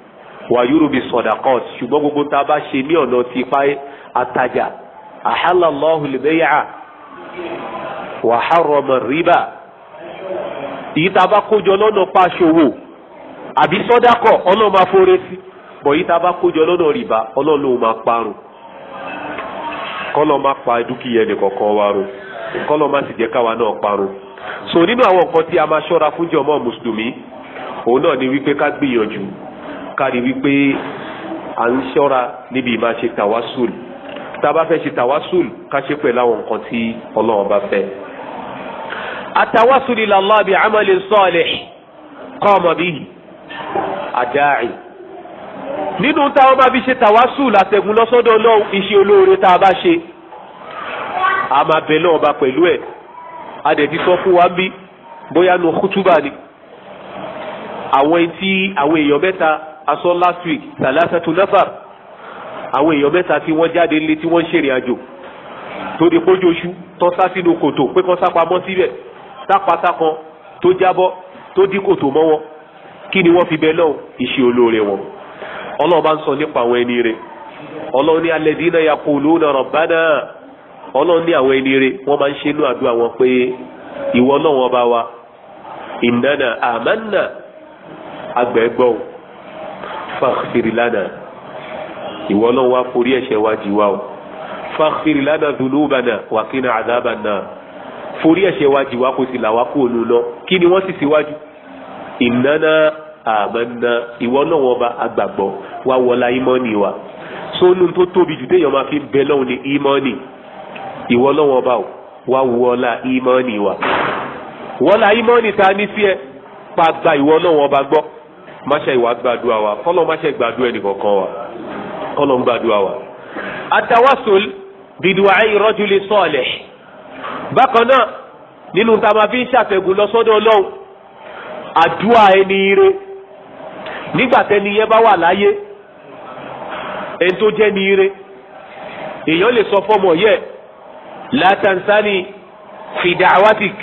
wa yorùbí sọ̀dàkọ́t ṣùgbọ́n gbogbo bá ṣe ní ọ̀nà أحل الله البيع وحرم الربا èyí tá a bá kójọ lọ́nà paṣòwò àbí a bá kójọ lọ́nà rìbá ọlọ́run ló máa parun kọ ma so nínú àwọn nǹkan tí a máa ṣọ́ra fún jọmọ́ mùsùlùmí òun náà ni wípé ká gbìyànjú ká rí wípé à ń ṣọ́ra níbi ìmáṣe tá a bá fẹ́ ṣe tawasul ká ṣe pẹ̀lú àwọn nǹkan tí ọlọ́run bá fẹ́. atawasul ila Allah bi amalin salih qama bihi àdáàrí. nínú táwọn bá fi ṣe tawasul àtẹ̀gùn lọ́sọ́dọ̀ ọlọ́run iṣẹ́ olóore tá a bá ṣe. a máa bẹ̀ náà ọba pẹ̀lú ẹ̀ a dẹ̀ ti sọ fún wa bí bóyá nu kútúbà ni. àwọn etí àwọn èèyàn mẹ́ta a last week salasatu nafar àwọn èèyàn mẹ́ta tí wọ́n jáde nílé tí wọ́n ń ṣèrìn àjò torí pójóṣú tán sá sínú kòtò pé kán sápamọ́ síbẹ̀ sápatá kan tó jábọ́ tó dí kòtò mọ́ wọn kí ni wọ́n fi bẹ lọ́hùn iṣẹ́ olóore wọn ọlọ́run bá ń sọ nípa àwọn ẹni rẹ̀ ọlọ́run ní alladhina yaquluna rabbana ọlọ́run ní àwọn ẹni rẹ̀ wọ́n máa ń ṣe inú àdúrà wọn pé ìwọ náà wọn wa innana amanna agbẹ́gbọ́n faghfir ìwọ náà wá forí ẹ̀ṣẹ̀ wa jì wá o faghfir lana dhunubana wa qina adhaban nar forí ẹ̀ṣẹ̀ wa jì wá kó sì là wá kó òun lọ kí ni wọ́n sì síwájú ìnáná àmọ́ná ìwọ náà wọ́n bá agbàgbọ́ wá wọlá ìmọ́ni wa sónú tó tóbi jù téèyàn máa fi bẹ lọ́hùn ní ìmọ́ni ìwọ náà wọ́n bá wá wọlá ìmọ́ni wa wọlá ìmọ́ni ta ní sí ẹ pa ìwọ náà wọ́n bá gbọ́ máṣe ìwà gbàdúrà wa kọ́lọ́ máṣe gbàdúrà ẹnì kọ̀ọ̀kan wa kọ́lọ̀ ń gbàdúrà wa. atawasul biduwaye rọ́júlẹ̀ sọ́ọ̀lẹ̀ bákan náà nínú tá a máa fi ń ṣàtẹ̀gùn lọ sọ́dọ̀ ọlọ́run àdúrà ire nígbà tẹ́ni yẹn bá wà láyé ẹni tó jẹ́ ni ire èèyàn lè sọ fọmọ yẹ látàǹsánì fìdáwátìk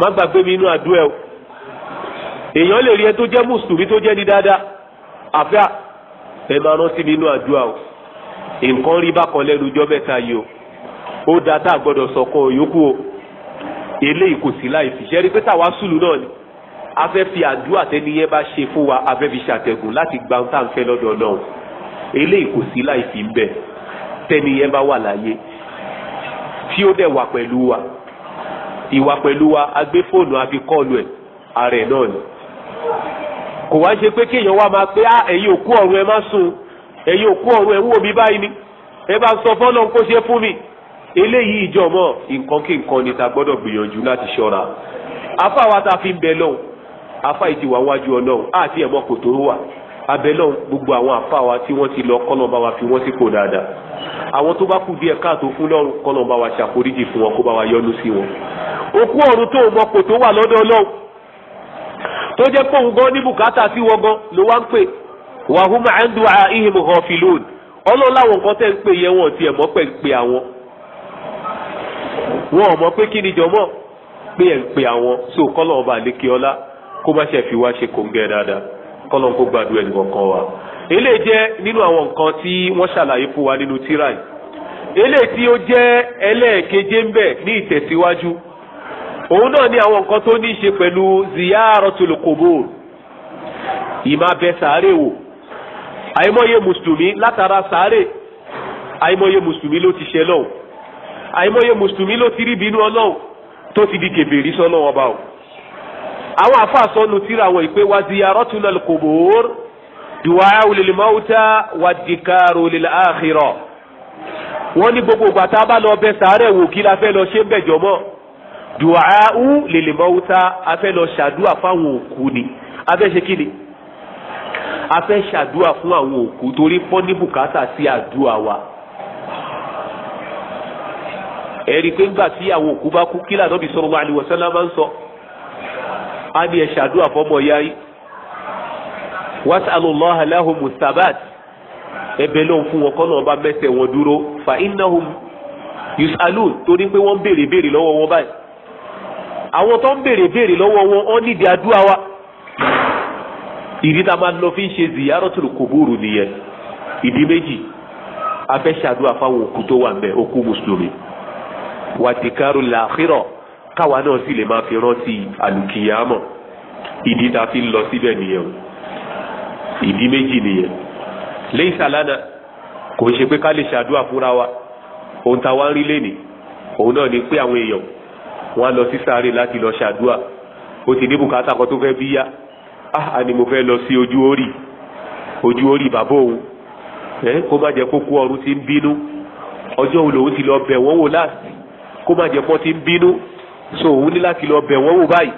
má gbàgbé mi inú àdúrà o èèyàn lè rí ẹni tó jẹ́ mùsùlùmí tó jẹ́ ni dáadáa àfẹ́ ẹ máa rántí mi inú àdúrà o nǹkan rí bákan lẹ́nu ọjọ́ mẹ́ta yìí o ó da tá a gbọ́dọ̀ sọ̀kan òyòkú o eléyìí kò sí láì fi pé táwa sùlù náà ni a fẹ́ fi àdúrà tẹ́niyẹn bá ṣe fún wa a fẹ́ fi ṣàtẹ̀gùn láti gba ohun tá à ń fẹ́ lọ́dọ̀ náà eléyìí kò sí láì fi ń bẹ̀ bá wà láyé tí ó dẹ̀ wà pẹ̀lú wa ìwà pẹ̀lú wa agbé fóònù àfikọ́ọ̀lù ẹ̀ ààrẹ náà ni kò wá ṣe pé kéèyàn wá máa pé ah, ẹ̀yin òkú ọ̀run ẹ má sùn ẹ̀yin òkú ọ̀run ẹ ń wò mí báyìí ni ẹ bá sọ fọ́nà kó ṣe fún mi eléyìí ìjọmọ́ nǹkan kí nǹkan ni ta gbọ́dọ̀ gbìyànjú láti ṣọ́ra afa wa ta fi ń bẹ lọ́hùn afa yìí ti wà wájú ọlọ́hùn àti ẹ̀mọ́ kò tó wà abẹ lọ́hùn gbogbo àwọn afa wa tí wọ́n ti lọ kọ́nà bá wa fi wọ́n sípò dáadáa àwọn tó bá kú díẹ̀ káàtó fún lọ́rùn kọ́nà bá wa ṣàforíjì fún wọn kó bá wa yọ́nú sí wọn òkú ọ̀run tó mọ kò tó wà lọ́dọ̀ ọlọ́hùn tó jẹ́ pé òun gan ní bùkátà sí wọn gan ló wá ń pè wà hum an du'aihim ghafilun ọlọ́run láwọn nǹkan tẹ́ ń pè yẹn wọn pẹ̀ ń pè àwọn wọn ò mọ̀ pé kí ni jọmọ́ pé so kọ́lọ̀ ọba àlékè ọlá kó má ṣe fi wá ṣe kòǹgẹ́ dáadáa kọ́lọ̀ kó gbàdúrà ẹnì wa eléyìí jẹ́ nínú àwọn nǹkan tí wọ́n ṣàlàyé fún wa nínú tíráì eléyìí tí ó jẹ́ ń ní ìtẹ̀síwájú òun náà ní àwọn nǹkan tó ní í ṣe pẹ̀lú ziyaratul qubur ìmábẹ sàárè wò àìmọye mùsùlùmí látara sàárè àìmọye mùsùlùmí ló ti ṣe lọ́wọ́ àìmọye mùsùlùmí ló ti rí bínú ọlọ́wọ́ tó ti di kèbèrè sọ́nà ọba o àwọn afáàsọ́nù tíra àwọn ìpè wa ziyaratul qubur duwaawu lil mawta wa dikaru lil akhirah wọ́n ní gbogbo gbàtà bá lọ bẹ sàárè wò kí la fẹ́ lọ ṣe ń bẹ̀jọ̀ duwaawu lèlè mọ́wútà afẹ́ lọ ṣàdúrà fáwọn òkú ni afẹ́ ṣe kí ni afẹ́ ṣàdúrà fún àwọn òkú torí pọ́n ní bùkátà sí àdúrà wa ẹ̀rí pé ńgbà tí àwọn òkú bá kú kí l'Ànábì sallallahu alaihi wasallam máa ń sọ á ní ẹ ṣàdúrà fọmọ ya yìí was'alullaha lahumus sabat ẹ̀bẹ̀ lọ́hùn fún wọn kọ́nà ọba mẹ́sẹ̀ wọn dúró fa innahum yus'alun torí pé wọ́n béèrè béèrè lọ́wọ́ wọn báyìí àwọn tó ń béèrè béèrè lọ́wọ́ wọn ó nídìí àdúrà wa ìdí tá a máa lọ fi ń ṣe ziyaratul kuburu nìyẹn ìdí méjì a fẹ́ ṣàdúrà fáwọn òkú tó wà ń bẹ òkú mùsùlùmí wàtíkárù làákírọ̀ káwa náà sì lè máa fi rántí àlùkìyàmọ̀ ìdí tá a fi ń lọ síbẹ̀ nìyẹn ìdí méjì nìyẹn lẹ́yìn sàlánà kò ń ṣe pé ká lè ṣàdúrà fúnra wa ohun tá ń rí lẹ́nìí òun náà ni pé àwọn èèyàn wọ́n lọ sí sáré láti lọ ṣàdúà ó ti ní bùkátà kan tó fẹ́ bí yá ah àní mo fẹ́ lọ sí ojú orí ojú orí bàbá òun ẹ kó má jẹ́ kó ọrùn ti ń bínú ọjọ́ òun lòun ti lọ bẹ̀ wọ́n wò láti kó má jẹ́ pọ́n ti ń bínú so òun ní láti lọ bẹ̀ wọ́n wò báyìí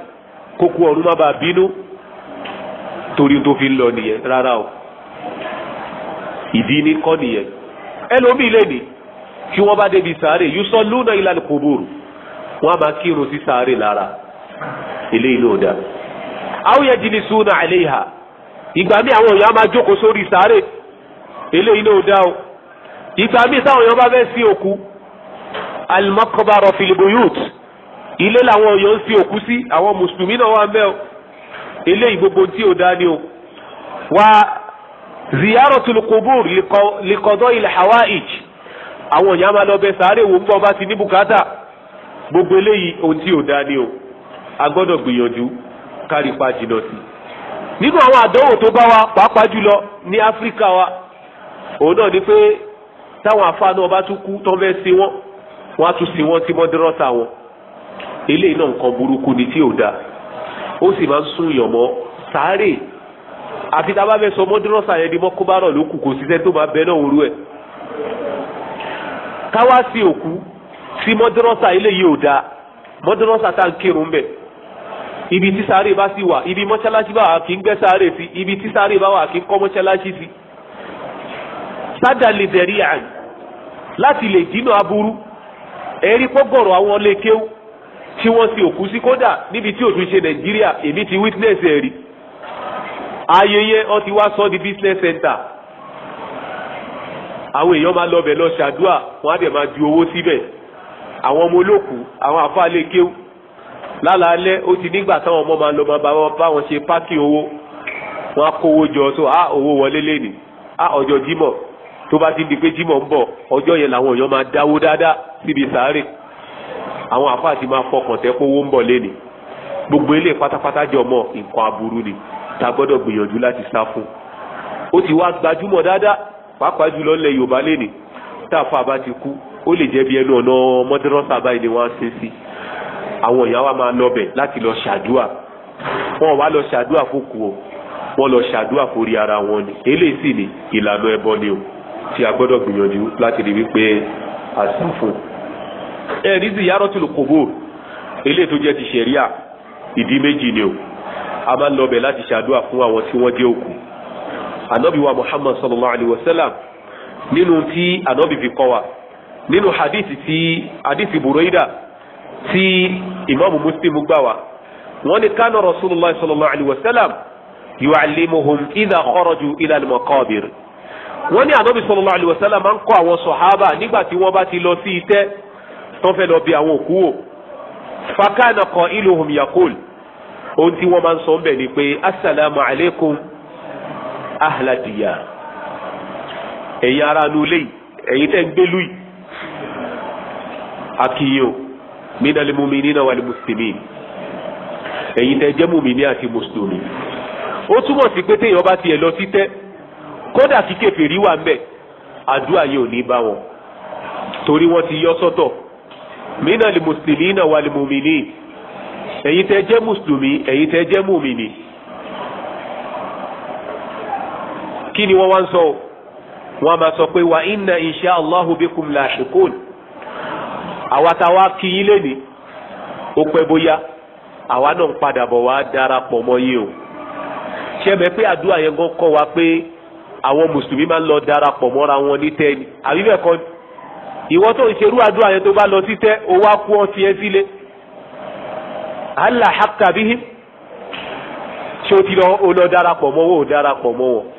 kó kú ọrùn má bàa bínú torí tó fi ń lọ nìyẹn rárá o ìdí ní kọ́ nìyẹn ẹlòmíì lè ní kí wọ́n bá débi sáré yusọ lúnà ìlànà kòbòrò wọ́n á máa kírun sí sáré lára ilé inú ọ̀dà àwọn yẹn jìnnì súnà àìléyà ìgbà míì àwọn èèyàn á máa jókòó sórí sáré ilé inú ọ̀dà o ìgbà míì táwọn èèyàn bá fẹ́ sí òkú alimakobarọ filibuyut ilé làwọn èèyàn ń sí òkú sí àwọn mùsùlùmí náà wà mẹ́ o eléyìí gbogbo tí ò dání o wa ziyaratul qubur likọdọ ilẹ̀ hawaij àwọn èèyàn máa lọ bẹ sáré wò ń bọ̀ bá ti ní bùkátà gbogbo eléyìí ohun tí ò dá ni o a gbọ́dọ̀ gbìyànjú kárípa jìnnà sí i nínú àwọn àdánwò tó bá wa pàápàá jùlọ ní áfíríkà wa òun náà ni pé táwọn afáànù ọba tún kú tán fẹ́ sin wọn wọn á tún sin wọn tí mọ́dúrọ́sà wọn eléyìí náà nǹkan burúkú ni tí ò dá ó sì máa ń sún yàn mọ́ sáré àfi tá a bá fẹ́ sọ mọ́dúrọ́sà yẹn ni mọ́kúbárọ̀ ló kù kò sí sẹ́ tó máa bẹ náà orú ẹ̀ káwá sí òkú tí mọ́dúrọ́sà eléyìí ò dáa mọ́dúrọ́sà tá à kírun bẹ̀ ibi tí sáré bá sì wà ibi mọ́ṣáláṣí bá wà kí ń gbẹ́ sáré sí ibi tí sáré bá wà kí ń kọ́ mọ́ṣáláṣí sí. sádàlì dẹ̀rí àn láti lè dínà aburú ẹ̀rí pọ́gọ̀rọ̀ àwọn lékéwú tí wọ́n ti òkú sí kódà níbi tí òtún ṣe nàìjíríà èmi ti witness ẹ̀rí ayẹyẹ ọ ti wá sọ di business center àwọn èèyàn máa lọ bẹ̀ lọ ṣàdúà wọn á bẹ̀ máa ju owó síbẹ̀ àwọn ọmọ olóòkú àwọn àfáà lè kéwú lálàálẹ́ ó ti nígbà táwọn ọmọ máa ń lọ máa bá wọn ṣe pákì owó wọn á kówó jọ tó á ah, owó wọlé lẹ́nì á ah, ọjọ́ jímọ̀ tó bá ti di pé jímọ̀ ń bọ̀ ọjọ́ yẹn làwọn èèyàn máa dáwó dáadáa síbi sàárè àwọn àfáà ti máa fọkàn tẹ́ kówó ń bọ̀ lẹ́nì gbogbo ilé pátápátá jọ mọ́ nǹkan aburú ni tá a gbọ́dọ̀ gbìyànjú láti sá fún ó ti wá gbajúmọ̀ dáadáa pàápàá jùlọ ilẹ̀ Yorùbá lẹ́nì tá àfa bá ti kú ó lè jẹ́ bí ẹnu ọ̀nà mọ́tẹ́rọ́sà báyìí ni wọ́n á ṣe sí àwọn èèyàn wa máa lọbẹ̀ láti lọ ṣàdúà wọn wá lọ ṣàdúà fókù o wọn lọ ṣàdúà forí ara wọn ni eléyìí sì ni ìlànà ẹbọ ni o tí a gbọ́dọ̀ gbìyànjú láti rí wípé a sá fún. ẹ̀rí sì yàrá tó lò kóbó eléyìí tó jẹ́ ti ṣẹ̀ríà ìdí méjì ni o a máa ń lọbẹ̀ láti ṣàdúà fún àwọn tí wọ́n jẹ́ òkú ànábì Muhammad sallallahu alayhi wa sallam nínú tí ànábì kọ́ wa nínú hadithi ti hadithi bureida ti imaamu muslim gbà wá wọ́n ní kánà rasulillah sallallahu alayhi wa sallam yu'allimuhum idha kharaju ila al-maqabir wọ́n ní anabi sallallahu alayhi wa sallam máa ń kọ́ àwọn sọ̀hábà nígbà tí wọ́n bá ti lọ sí itẹ́ tó fẹ́ lọ bí àwọn òkú wò fakana qailuhum yaqul ohun tí wọ́n máa ń sọ ń ni pé asalaamu alaykum ahladiya ẹ̀yin ará nu léyìí akiyo minal mu'minina wal muslimin ẹ̀yin tẹ́ jẹ́ mùmíní àti mùsùlùmí ó túmọ̀ sí pé téèyàn bá tiẹ̀ lọ títẹ́ kódà kí kèfèrí wà mbẹ̀ àdúrà yìí ò ní bá wọn torí wọ́n ti yọ sọ́tọ̀ minal muslimina wal mu'minin ẹ̀yin tẹ́ jẹ́ mùsùlùmí ẹ̀yin tẹ́ jẹ́ kí ni wọ́n wá ń sọ wọ́n á máa sọ pé wa inna insha Allahu bikum lahiqun àwa tá a wá kí yín lénìí ó pẹ́ bóyá àwa náà ń padà bọ̀ wá darapọ̀ mọ́ yín o ṣẹ́mi pé àdúrà yẹn gan kọ́ wa pé àwọn mùsùlùmí máa ń lọ darapọ̀ mọ́ra wọn ní tẹ́ni àbí bẹ́ẹ̀ kọ́ ìwọ tó ń ṣerú àdúrà yẹn tó bá lọ sí tẹ́ o wá kú ọtí yẹn sílé Allah hakka bihim ṣé o ti lọ darapọ̀ mọ́ wọn ò darapọ̀ mọ́ wọn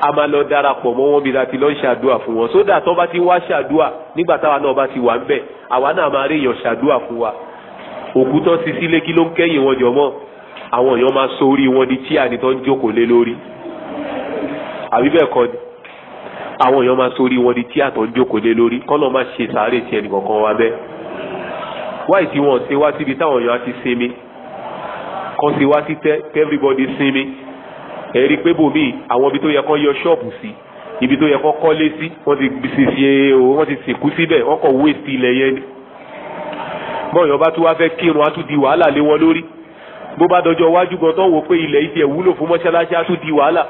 a máa lọ darapọ̀ mọ́ wọn bí láti lọ ṣàdúà fún wọn sódà tó bá ti wá ṣàdúà nígbà táwa náà bá ti wà ń bẹ̀ àwa náà máa rí èèyàn ṣàdúà fún wa òkú tó ti sílé kí ló ń kẹ́yìn wọn jọ mọ́ àwọn èèyàn máa so orí wọn di tíà ní tó ń jókòó lé lórí àbí bẹ́ẹ̀ kọ́ ni àwọn èèyàn máa so orí wọn di tíà tó ń jókòó lé lórí kọ́nà má ṣe sàárè tiẹ̀ nìkankan wa bẹ́ẹ̀ wáì tí wọn ṣe wá síbi táwọn èèyàn á ti sinmi kọ́ sí wá sí tẹ́ everybody sinmi ẹ̀rí pé bòmí àwọn ibi tó yẹ kán yọ ṣọ́ọ̀bù sí ibi tó yẹ kán kọ́lé sí wọ́n ti ṣe wọ́n ti sìnkú síbẹ̀ wọ́n kàn wé sí ilẹ̀ yẹn ni. bọ́ọ̀yàn bá tún wá fẹ́ kírun á tún di wàhálà lé wọn lórí bó bá dọjọ́ wájú gan tó wò pé ilẹ̀ ìdí ẹ̀ wúlò fún mọ́ṣáláṣí á di wàhálà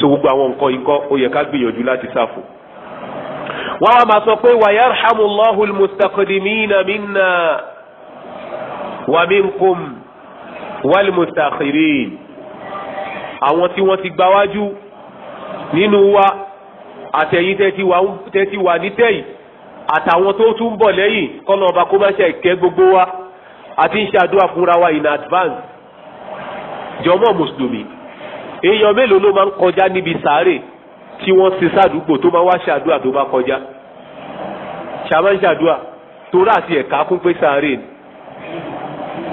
so gbogbo àwọn nǹkan ikọ́ ó yẹ ká gbìyànjú láti sáfò. wọ́n á máa sọ pé wàyárhamullahul mustaqdimina minna wa minkum àwọn tí wọ́n ti gbáwájú nínú wa àtẹ̀yìn tẹ́tí wà ní tẹ́yìn àtàwọn tó tún bọ̀ lẹ́yìn kọ́nà ọba kó má ṣe ìkẹ́ gbogbo wa àti ń ṣàdúrà fúnra wa in advance jọmọ mùsùlùmí èèyàn mélòó ló máa ń kọjá níbi sàárè tí wọ́n ti sádùúgbò tó máa wá ṣàdúrà tó bá kọjá ṣàmáṣàdúrà tó rà àti ẹ̀ka kún pé sàárè ni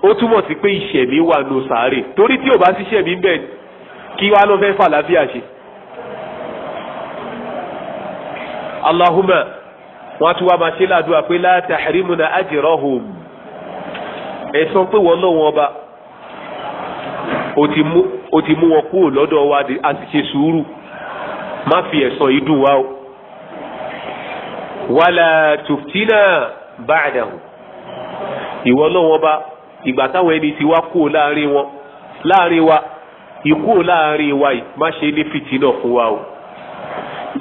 ó túmọ̀ sí pé ìṣẹ̀mí wà nù sàárè torí tí ò bá sí ìṣẹ̀mí bẹ́ẹ̀ kí wàá lọ fẹ́ fàlàfíà ṣe. Allahumma wọn a tún wá máa ṣe ládùúgbà pé la tahrimuna ajrahum ẹ̀sán pé wọ́n lọ́wọ́ ọba ó ti mú wọn kúrò lọ́dọ̀ wa a sì ṣe sùúrù má fi ẹ̀sán yìí dùn wá o. wàlà tuftina ba'dahu ìwọ lọ́wọ́ ọba ìgbà táwọn ẹni tí wá kúrò láàrin wọn láàrin wa ìkúrò láàrin wa yìí má ṣe ní fìtínà fún wa o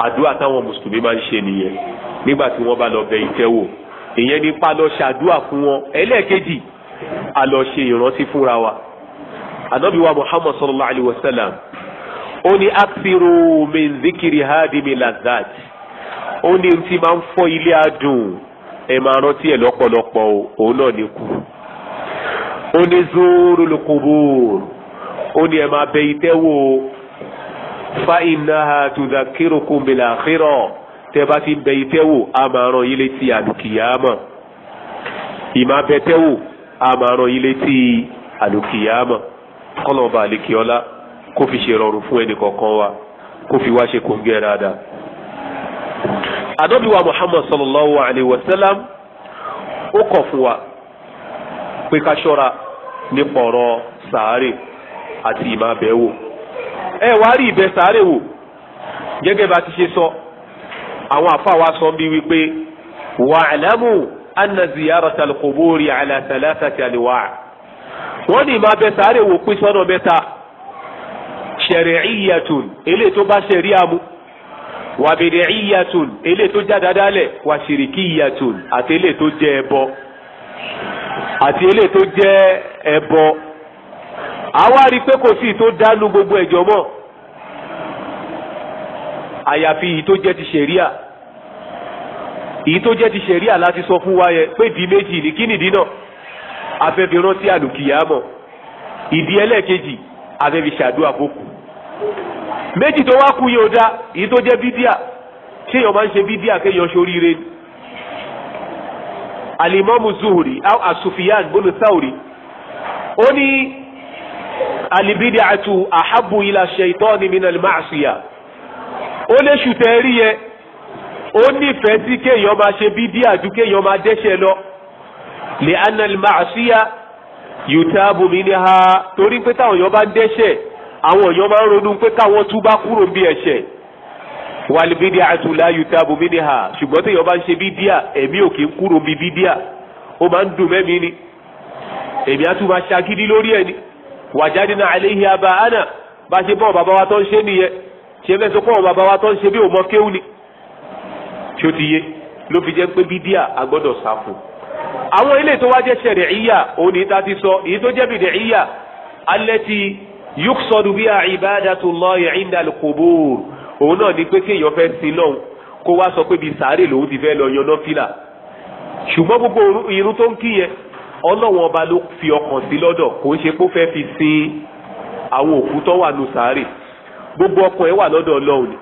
àdúrà táwọn mùsùlùmí máa ń ṣe nìyẹn nígbà tí wọ́n bá lọ bẹ ìtẹ́wò ìyẹn ní pa ṣàdúrà fún wọn ẹlẹ́ẹ̀kejì a ṣe ìrántí fúnra wa anabi wa muhammad sallallahu alayhi wa sallam ó ní akthiru min zikiri hadimi lazat ó ní tí máa ń fọ ilé adùn ẹ máa rántí ẹ lọ́pọ̀lọpọ̀ òun náà ní kú ó ní zúúrú lukubúrú ó ní ẹ máa bẹ ìtẹ́wò fa innaha tudhakirukum bil akhirah tẹ́ bá ti bẹ ìtẹ́wò a máa rán yín létí àlùkìyàmọ̀ ìmá bẹ tẹ́wò a máa rán yín létí àlùkìyàmọ̀ kọ́lọ̀ àlekíọ́lá kó fi ṣe rọrùn fún ẹnì kọ̀ọ̀kan wa kó fi wá ṣe kóńgẹ́ dáadáa. àdọ́bíwá muhammad sallallahu alayhi wa sallam ó kọ̀ fún wa pé ká ṣọ́ra nípa ọ̀rọ̀ sàárè àti ìmàbẹ̀wò ẹ wá rí ìbẹ sàárè wò gẹ́gẹ́ bá ti ṣe sọ àwọn àfa wa sọ bí wípé wa'lamu anna ziyarata al-quburi ala thalathati anwa' wọ́n ní ìmàbẹ sàárè wò pín sọ́nà mẹ́ta ṣẹ̀rẹ̀íyàtùn eléyìí tó bá ṣẹ̀rí àmú wà bìdìíyàtùn eléyìí tó já dáadáa lẹ̀ wà ṣìrìkíyàtùn àti eléyìí tó jẹ́ ẹbọ àti eléyìí tó jẹ́ ẹbọ àwa rí i pé kò sí ìtò dánú gbogbo ẹ̀jọ̀ mọ́ àyàfi ìyí tó jẹ́ ti ṣẹ̀ríà ìyí tó jẹ́ ti ṣẹ̀ríà láti sọ fún wa yẹ pé ìdí méjì ní kí nìdí náà afẹ́fi rántí àlùkìyàmọ̀ ìdí ẹlẹ́ẹ̀kejì afẹ́fi ṣàdúrà fókù méjì tó wá kú yóò dá ìyí tó jẹ́ bídíà ṣé máa ń ṣe bídíà kéèyàn ṣoríire ni alimami zuhuri aw asufiyan bonu sauri ó ní alibidatu ahabu ila shaitani min almasiya ó lè ṣùtẹ́ rí yẹ ó nífẹ̀ẹ́ sí kéèyàn máa ṣe bí díà ju kéèyàn máa dẹ́ṣẹ̀ lọ lè anna almasiya yutabu minha torí pé táwọn èèyàn bá ń dẹ́ṣẹ̀ àwọn èèyàn máa ń ronú pé káwọn túbá kúrò bí ẹ̀ṣẹ̀ wàlí bídíà àtúlá yutabu minha ṣùgbọ́n tí yorùbá ń ṣe bídíà ẹ̀mí ò kí ń kúrò bí bídíà ó máa ń dùn mẹ́mí ni èmi á tún máa ṣagídí lórí ẹ̀ ni wajadna alayhi abaana bá ṣe bọ́ bàbá wa tó ń ṣe nìyẹn ṣe fẹ́ sọ pé bàbá wa tó ń ṣe bí òmọ kéwù ni tí ó ti yé ló fi jẹ́ pé bídíà a gbọ́dọ̀ sá fún àwọn ilé tó wá jẹ́ ṣẹ̀rí'íyà òun ní ta ti sọ èyí tó jẹ́ bídíà allati yuqsadu biha ibadatullahi inda al-qubur òun náà ni pé kéèyàn fẹ́ sin náà kó wá sọ pé bíi sàárè lòun ti fẹ́ lọ yan nọ́fìlà ṣùgbọ́n gbogbo irun tó ń kí yẹn ọlọ́wọ́n ọba ló fi ọkàn sí lọ́dọ̀ kò ń ṣe pé ó fẹ́ fi sin àwọn òkú tó wà nù sàárè gbogbo ọkàn ẹ̀ wà lọ́dọ̀ ọlọ́run ni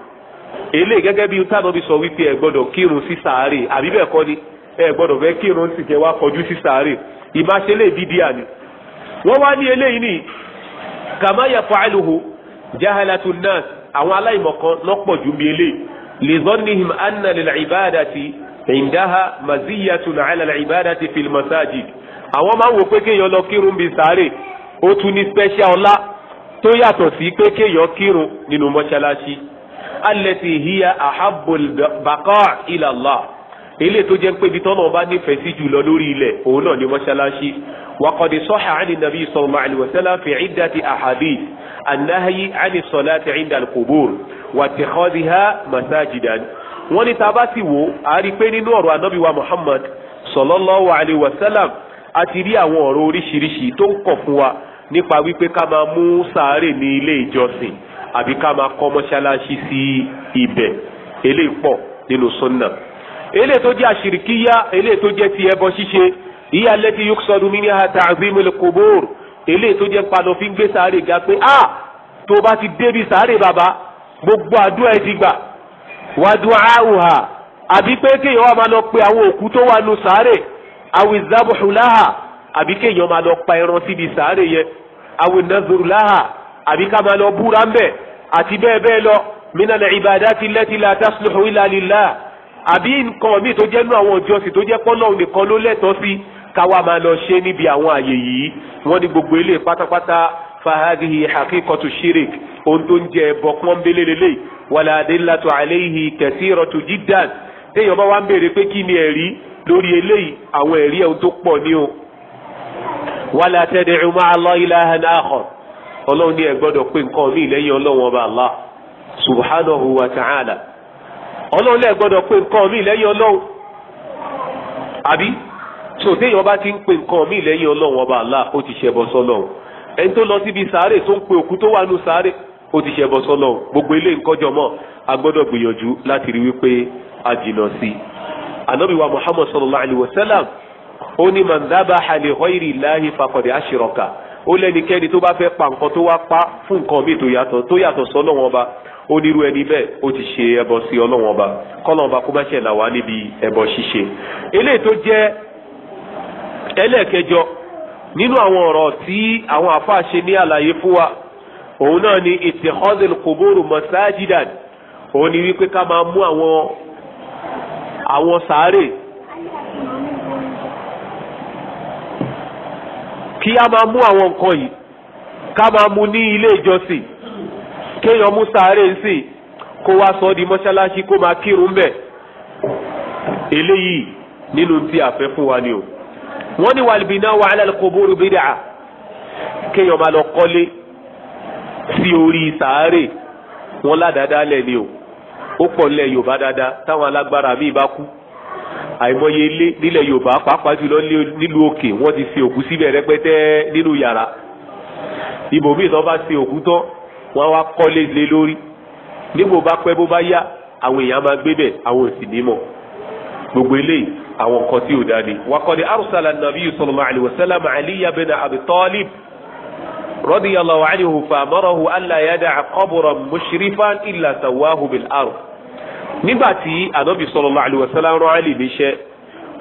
èlé gẹ́gẹ́ bí táwọn bí sọ wípé ẹ gbọ́dọ̀ kírun sí sàárè àbí bẹ́ẹ̀ kọ́ ni ẹ gbọ́dọ̀ fẹ́ kírun sì kẹ́ wá kọjú sí sàárè ìmáṣe lè bí wọ́n wá ní eléyìí ní kàmáyà fàálùhù jahalatu nas àwọn aláìmọ̀kan lọ́pọ̀ ju mi eléyìí lizannihim anna lil ibadati indaha maziyatun ala al ibadati fil masajid àwọn máa ń wò pé kéèyàn lọ kírun bíi sáré ó tún ní special ọlá tó yàtọ̀ sí pé kéèyàn kírun nínú mọ́ṣáláṣí allati hiya ahabbul baqa ila Allah ilé tó jẹ́ pé ibi tọ́nà bá nífẹ̀ẹ́ sí jùlọ lórí ilẹ̀ òun náà ni mọ́ṣáláṣí wa qad sahha 'an an-nabi sallallahu alaihi wa sallam anahi ani sọláti inda alqubur wa tikhadiha masajidan wọ́n ní taba ti wo a rí pé nínú ọ̀rọ̀ anabi wa muhammad sallallahu alayhi wa sallam a ti rí àwọn ọ̀rọ̀ oríṣiríṣi tó ń kọ̀ fún wa nípa wípé ká máa mú sàárè ní ilé ìjọsìn àbí ká máa kọ́ mọ́ṣáláṣí sí ibẹ̀ eléyìí pọ̀ nínú sunna eléyìí tó jẹ́ àṣìríkíyà eléyìí tó jẹ́ ti ẹbọ ṣíṣe ìyá lẹ́tí yóò sọdún ní ha ta'zimul qubur eléyìí tó jẹ́ palọ fi ń gbé sáré ga pé a tó bá ti débi sáré bàbá gbogbo àdúrà ẹ ti gbà wàdùn àwùhà àbí pé kéèyàn wà máa lọ pe àwọn òkú tó wà nù sáré àwìzábùhùláhà àbí kéèyàn máa lọ pa ẹran síbi sáré yẹn àwìnàzùrùláhà àbí ká máa lọ búra ń bẹ̀ àti bẹ́ẹ̀ bẹ́ẹ̀ lọ minal ibadati allati la tasluhu illa àbí nǹkan míì tó jẹ́ nú àwọn ìjọsìn tó jẹ́ pọ́nlọ́ọ̀ nìkan ló lẹ́tọ̀ọ́ sí káwa máa lọ ṣe níbi àwọn àyè yìí wọ́n ní gbogbo ilé pátápátá fahadihi hakikatu shirik ohun tó ń jẹ ẹbọ pọ́nbélé lélẹ̀ wàlá adélátò àléhì kẹsìrọ̀tò jiddan téèyàn bá wá ń béèrè pé kí ni ẹ̀rí lórí eléyìí àwọn ẹ̀rí ẹ̀hún tó ní o wàlá tad'u ọlọ́run ní ẹ gbọ́dọ̀ pé nǹkan Allah subhanahu wa ta'ala ọlọ́run lẹ gbọ́dọ̀ pé nǹkan lẹ́yìn ọlọ́run àbí so téèyàn bá ti ń pe nǹkan míì lẹ́yìn ọlọ́run ọba àlá ó ti ṣẹbọ sọlọ́run ẹni tó lọ síbi sàárè tó ń pe òkú tó wà nù sàárè ó ti ṣẹbọ sọlọ́run gbogbo ilé nkọ́jọ mọ́ a gbọ́dọ̀ gbìyànjú láti rí wípé a jìnà sí i anabi muhammad sallallahu alayhi wa sallam ó ní man dhabaha li ghayri llahi faqad ashraka ó lẹ́nikẹ́ni tó bá fẹ́ pa nǹkan tó wá pa fún nǹkan míì tó yàtọ̀ tó yàtọ̀ sọlọ́run ọba onírú ẹni bẹ́ẹ̀ ó ti ṣe ẹbọ ẹlẹ́ẹ̀kẹjọ nínú àwọn ọ̀rọ̀ tí àwọn àfáà ṣe ní àlàyé fún wa òun náà ni ìtìkọ́sìn kòbóòrò mọ̀sáájídàn òun ni wípé ká máa mú àwọn àwọn sàárè kí a máa mú àwọn nǹkan yìí ká máa mú ní ilé ìjọsìn kéèyàn mú sàárè ńsìn kó wá sọ di mọ́ṣáláṣí kó máa kírun bẹ́ẹ̀ eléyìí nínú tí a fẹ́ fún wa ni o wọ́n ní wàlbìnà wà ala al-qubur bídà kéèyàn máa lọ kọ́lé sí orí sàárè wọn ládàáda lẹ̀ ni o ó pọ̀ nílẹ̀ yorùbá dáadáa táwọn alágbára míì bá kú àìmọye ilé nílẹ̀ yorùbá pàápàá jùlọ nílùú òkè wọ́n ti sin òkú síbẹ̀ rẹpẹtẹ nínú yàrá ibòmíì tó bá sin òkú tán wọ́n wá kọ́lé lé lórí nígbò bá pẹ́ bó bá yá àwọn èèyàn máa gbé àwọn ò sì gbogbo eléyìí àwọn nǹkan tí ò dá ni. wakọ̀dé arusala nabi sallallahu alayhi wa sallam aliya bin abi talib radiyallahu anhu famarahu alla yada'a qabran mushrifan illa sawahu bil ard. nígbà tí anabi sallallahu alayhi wa sallam rán ali níṣẹ́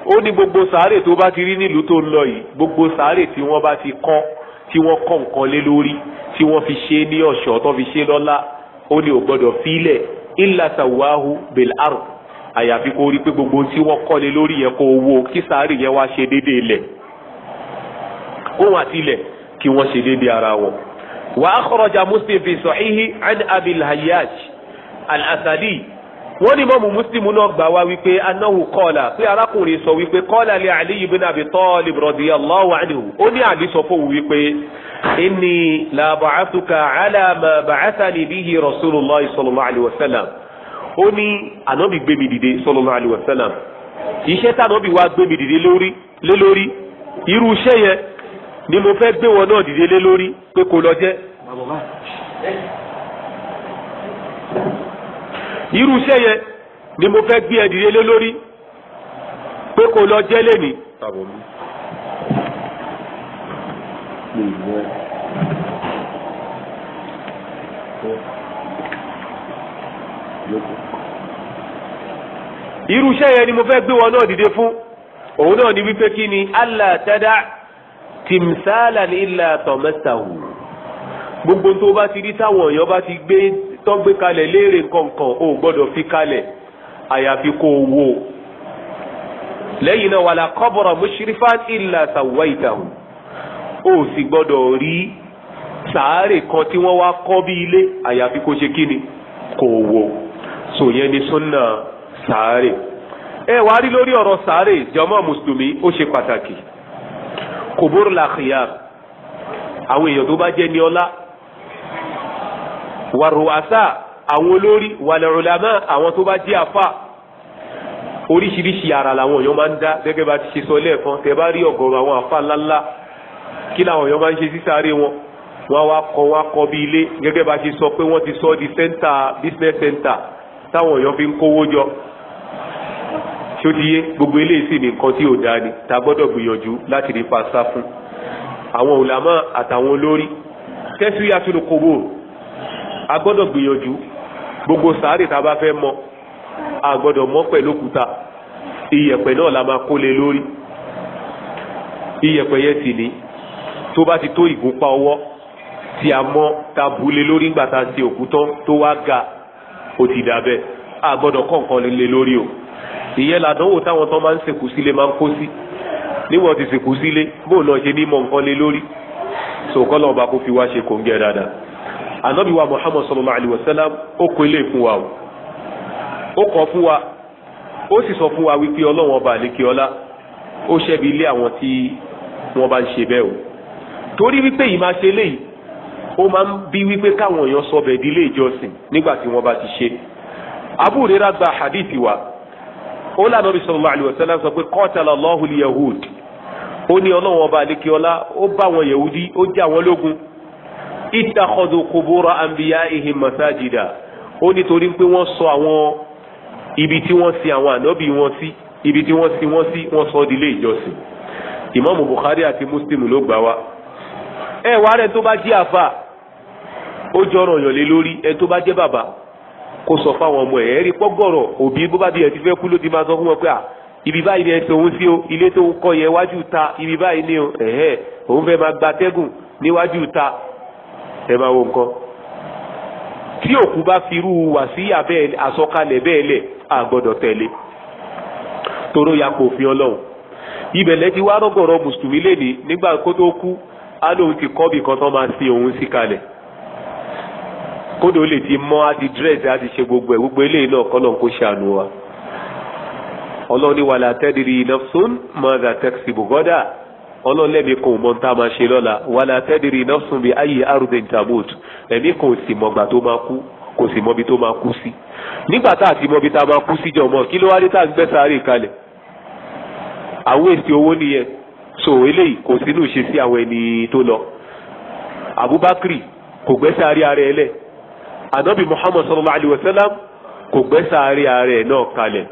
ó ní gbogbo sàárè tó bá ti rí nílùú tó ń lọ yìí gbogbo sàárè tí wọ́n bá ti kọ́ tí wọ́n kọ́ nǹkan lé lórí tí wọ́n fi ṣe ní ọ̀ṣọ́ tó fi ṣe lọ́lá ó ní ò gbọ́dọ̀ fílẹ̀ illa sawahu bil ard àyàfi kó rí pé gbogbo tí wọ́n kọ́lé lórí yẹn kó owó kí sáré yẹn wá ṣe déédé ilẹ̀ òun àti ilẹ̀ kí wọ́n ṣe déédé ara wọn. wa akhraja muslim fi sahihi an abil hayyaj al-asadi wọ́n ní mọ́mù muslim náà gbà wá wípé anahu qala pé arákùnrin sọ wípé qala li ali ibn abi talib radiyallahu anhu ó ní àlè sọ fún òun wípé inni la ba'athuka ala ma ba'athani bihi rasulillah sallallahu alayhi ó ní ànábì gbé mi dìde sallallahu alaihi wasallam iṣẹ́ tànábì wá gbé mi dìde lé lórí irú iṣẹ́ yẹn ni mo fẹ́ gbé wọn náà dìde lé lórí pé kò lọ jẹ́ irú iṣẹ́ yẹn ni mo fẹ́ gbé ẹ dìde lé lórí pé kò lọ jẹ́ lẹ́ni. Thank yòókù. irú iṣẹ́ yẹn ni mo fẹ́ gbé wọn náà dìde fún òun náà ni wípé kí ni allah tada tìmsáàlà ní ilà tọ̀mẹ́sàwù gbogbo tó bá ti rí táwọn èèyàn bá ti gbé tọ́gbé kalẹ̀ léèrè kankan ò gbọ́dọ̀ fi kalẹ̀ àyàfi kó o wò lẹ́yìn náà wàlà kọ́bọ̀rọ̀ mushrifan ilà sàwáìtàwù ó sì gbọ́dọ̀ rí sàárè kan tí wọ́n wá kọ́ bí ilé àyàfi kó ṣe kíni kò wò so yẹn ni súnà sàárè ẹ wá rí lórí ọ̀rọ̀ sàárè jọmọ́ mùsùlùmí ó ṣe pàtàkì kòbóró làkìyà àwọn èèyàn tó bá jẹ́ ní ọlá wàrúwàsá àwọn olórí wàlẹ̀rùlámà àwọn tó bá jẹ́ àfà oríṣiríṣi ara làwọn èèyàn máa ń dá gẹ́gẹ́ bá ti ṣe sọ lẹ́ẹ̀kan tẹ bá rí ọ̀gọ̀rọ̀ àwọn àfà ńláńlá kí làwọn èèyàn máa ń ṣe sí sàárè wọn wọn wá kọ wọn kọ bí ilé gẹ́gẹ́ bá ṣe sọ pé wọ́n ti sọ di center business center táwọn èèyàn fi ń kówó jọ tí ó ti yé gbogbo eléyìí sì ní nǹkan tí ò dáa ni ta gbọ́dọ̀ gbìyànjú láti rí pàṣá fún àwọn òlàmọ́ àtàwọn olórí tẹ́sí yàtúrú kòbó a gbọ́dọ̀ gbìyànjú gbogbo sàárè tá a bá fẹ́ mọ a gbọ́dọ̀ mọ pẹ̀lú òkúta iyẹ̀pẹ̀ náà la máa kó lé lórí iyẹ̀pẹ̀ yẹn sì ní tó bá ti tó ìgúnpá ọwọ́ tí a mọ́ ta bu lé lórí ńgbà tá a tó wá ga ó ti dà bẹ́ẹ̀ a gbọ́dọ̀ kọ̀ọ̀kan lé lórí o ìyẹn làdánwò táwọn tán máa ń sìnkú sílé máa ń kó sí níwọ̀n ti sìnkú sílé bóun náà ṣe ní mọ̀ nǹkan lé lórí so kọ́ lọ́ọ̀bá fi wá ṣe kò ń gẹ dáadáa ànábì wa alayhi wa sallam ó kọ ilé fún wa o ó kọ fún wa ó sì sọ fún wa wípé ọlọ́wọ́n ọba àlékè ọlá ó ṣẹ́bi ilé àwọn tí wọ́n bá ń ṣe bẹ́ẹ̀ o torí wípé yìí máa ṣe léyìí ó máa ń bí wípé káwọn èèyàn sọ bẹ̀ dílé ìjọsìn nígbà tí wọ́n bá ti ṣe Abu Hurairah gba hadith wa ó lànà bí sallallahu alaihi wasallam sọ pé qatala Allahu al-yahud ó ní ọlọ́wọ́n ọba àdékíọ́lá ó bá wọn yahudi ó já wọn lógun ittakhadhu qubura anbiya'ihim masajida ó nítorí pé wọ́n sọ àwọn ibi tí wọ́n sin àwọn ànábì wọn sí ibi tí wọ́n sin wọ́n sí wọ́n sọ di ìjọsìn ìmáàmù Bukhari àti Muslim ló gbà wá ẹ wàá rẹ tó bá jí àfa ó jọrọ yàn lé lórí ẹ tó bá jẹ́ bàbá kó sọ fáwọn ọmọ ẹ̀ ẹ rí pọ́gbọ̀rọ̀ òbí bó bá bí ẹ ti kú ló ti máa sọ fún wọn pé à ibi báyìí ni ẹ sọ òun sí o ilé tó ń kọ́ yẹn wájú ta ibi báyìí ni o òun fẹ́ máa gba tẹ́gùn níwájú ta ẹ máa wo nǹkan tí òkú bá firú wàsíyà bẹ́ẹ̀ àsọkalẹ̀ bẹ́ẹ̀ lẹ̀ àgbọ́dọ̀ tẹ̀lé toro ya kò fi ọlọ́run ibẹ̀lẹ̀ ti wá rọ́gọ̀rọ̀ mùsùlùmí lè ní nígbà kó kú á lóun ti kọ́ bìkan tán máa sin òun sí kalẹ̀ kódò ó lè ti mọ́ á ti dírẹ́sì á ti ṣe gbogbo ẹ̀ gbogbo eléyìí náà kọ́nà kó ṣàánú wa ọlọ́run ní wàlá tẹ́dìrì nafsun mọ́dà tẹ́kisì bùgọ́dà ọlọ́run lẹ́mi kò mọ tá a máa ṣe lọ́la wàlá tẹ́dìrì nafsun bí ayé arúgbìn tamut ẹ̀mí kò sì mọ̀gbà tó máa kú kò sì mọ̀bi tó máa kú sí nígbà tá a ti mọ̀bi tá a máa kú sí jọ̀mọ́ kí ló wá dé tá a gbẹ́ sáré kalẹ̀ àwọn èsì owó nìyẹn kò gbẹ́sẹ̀ àrí ara ẹ̀ anabi muhammad sallallahu alayhi wa sallam kò gbé sàárè ara ẹ̀ náà kalẹ̀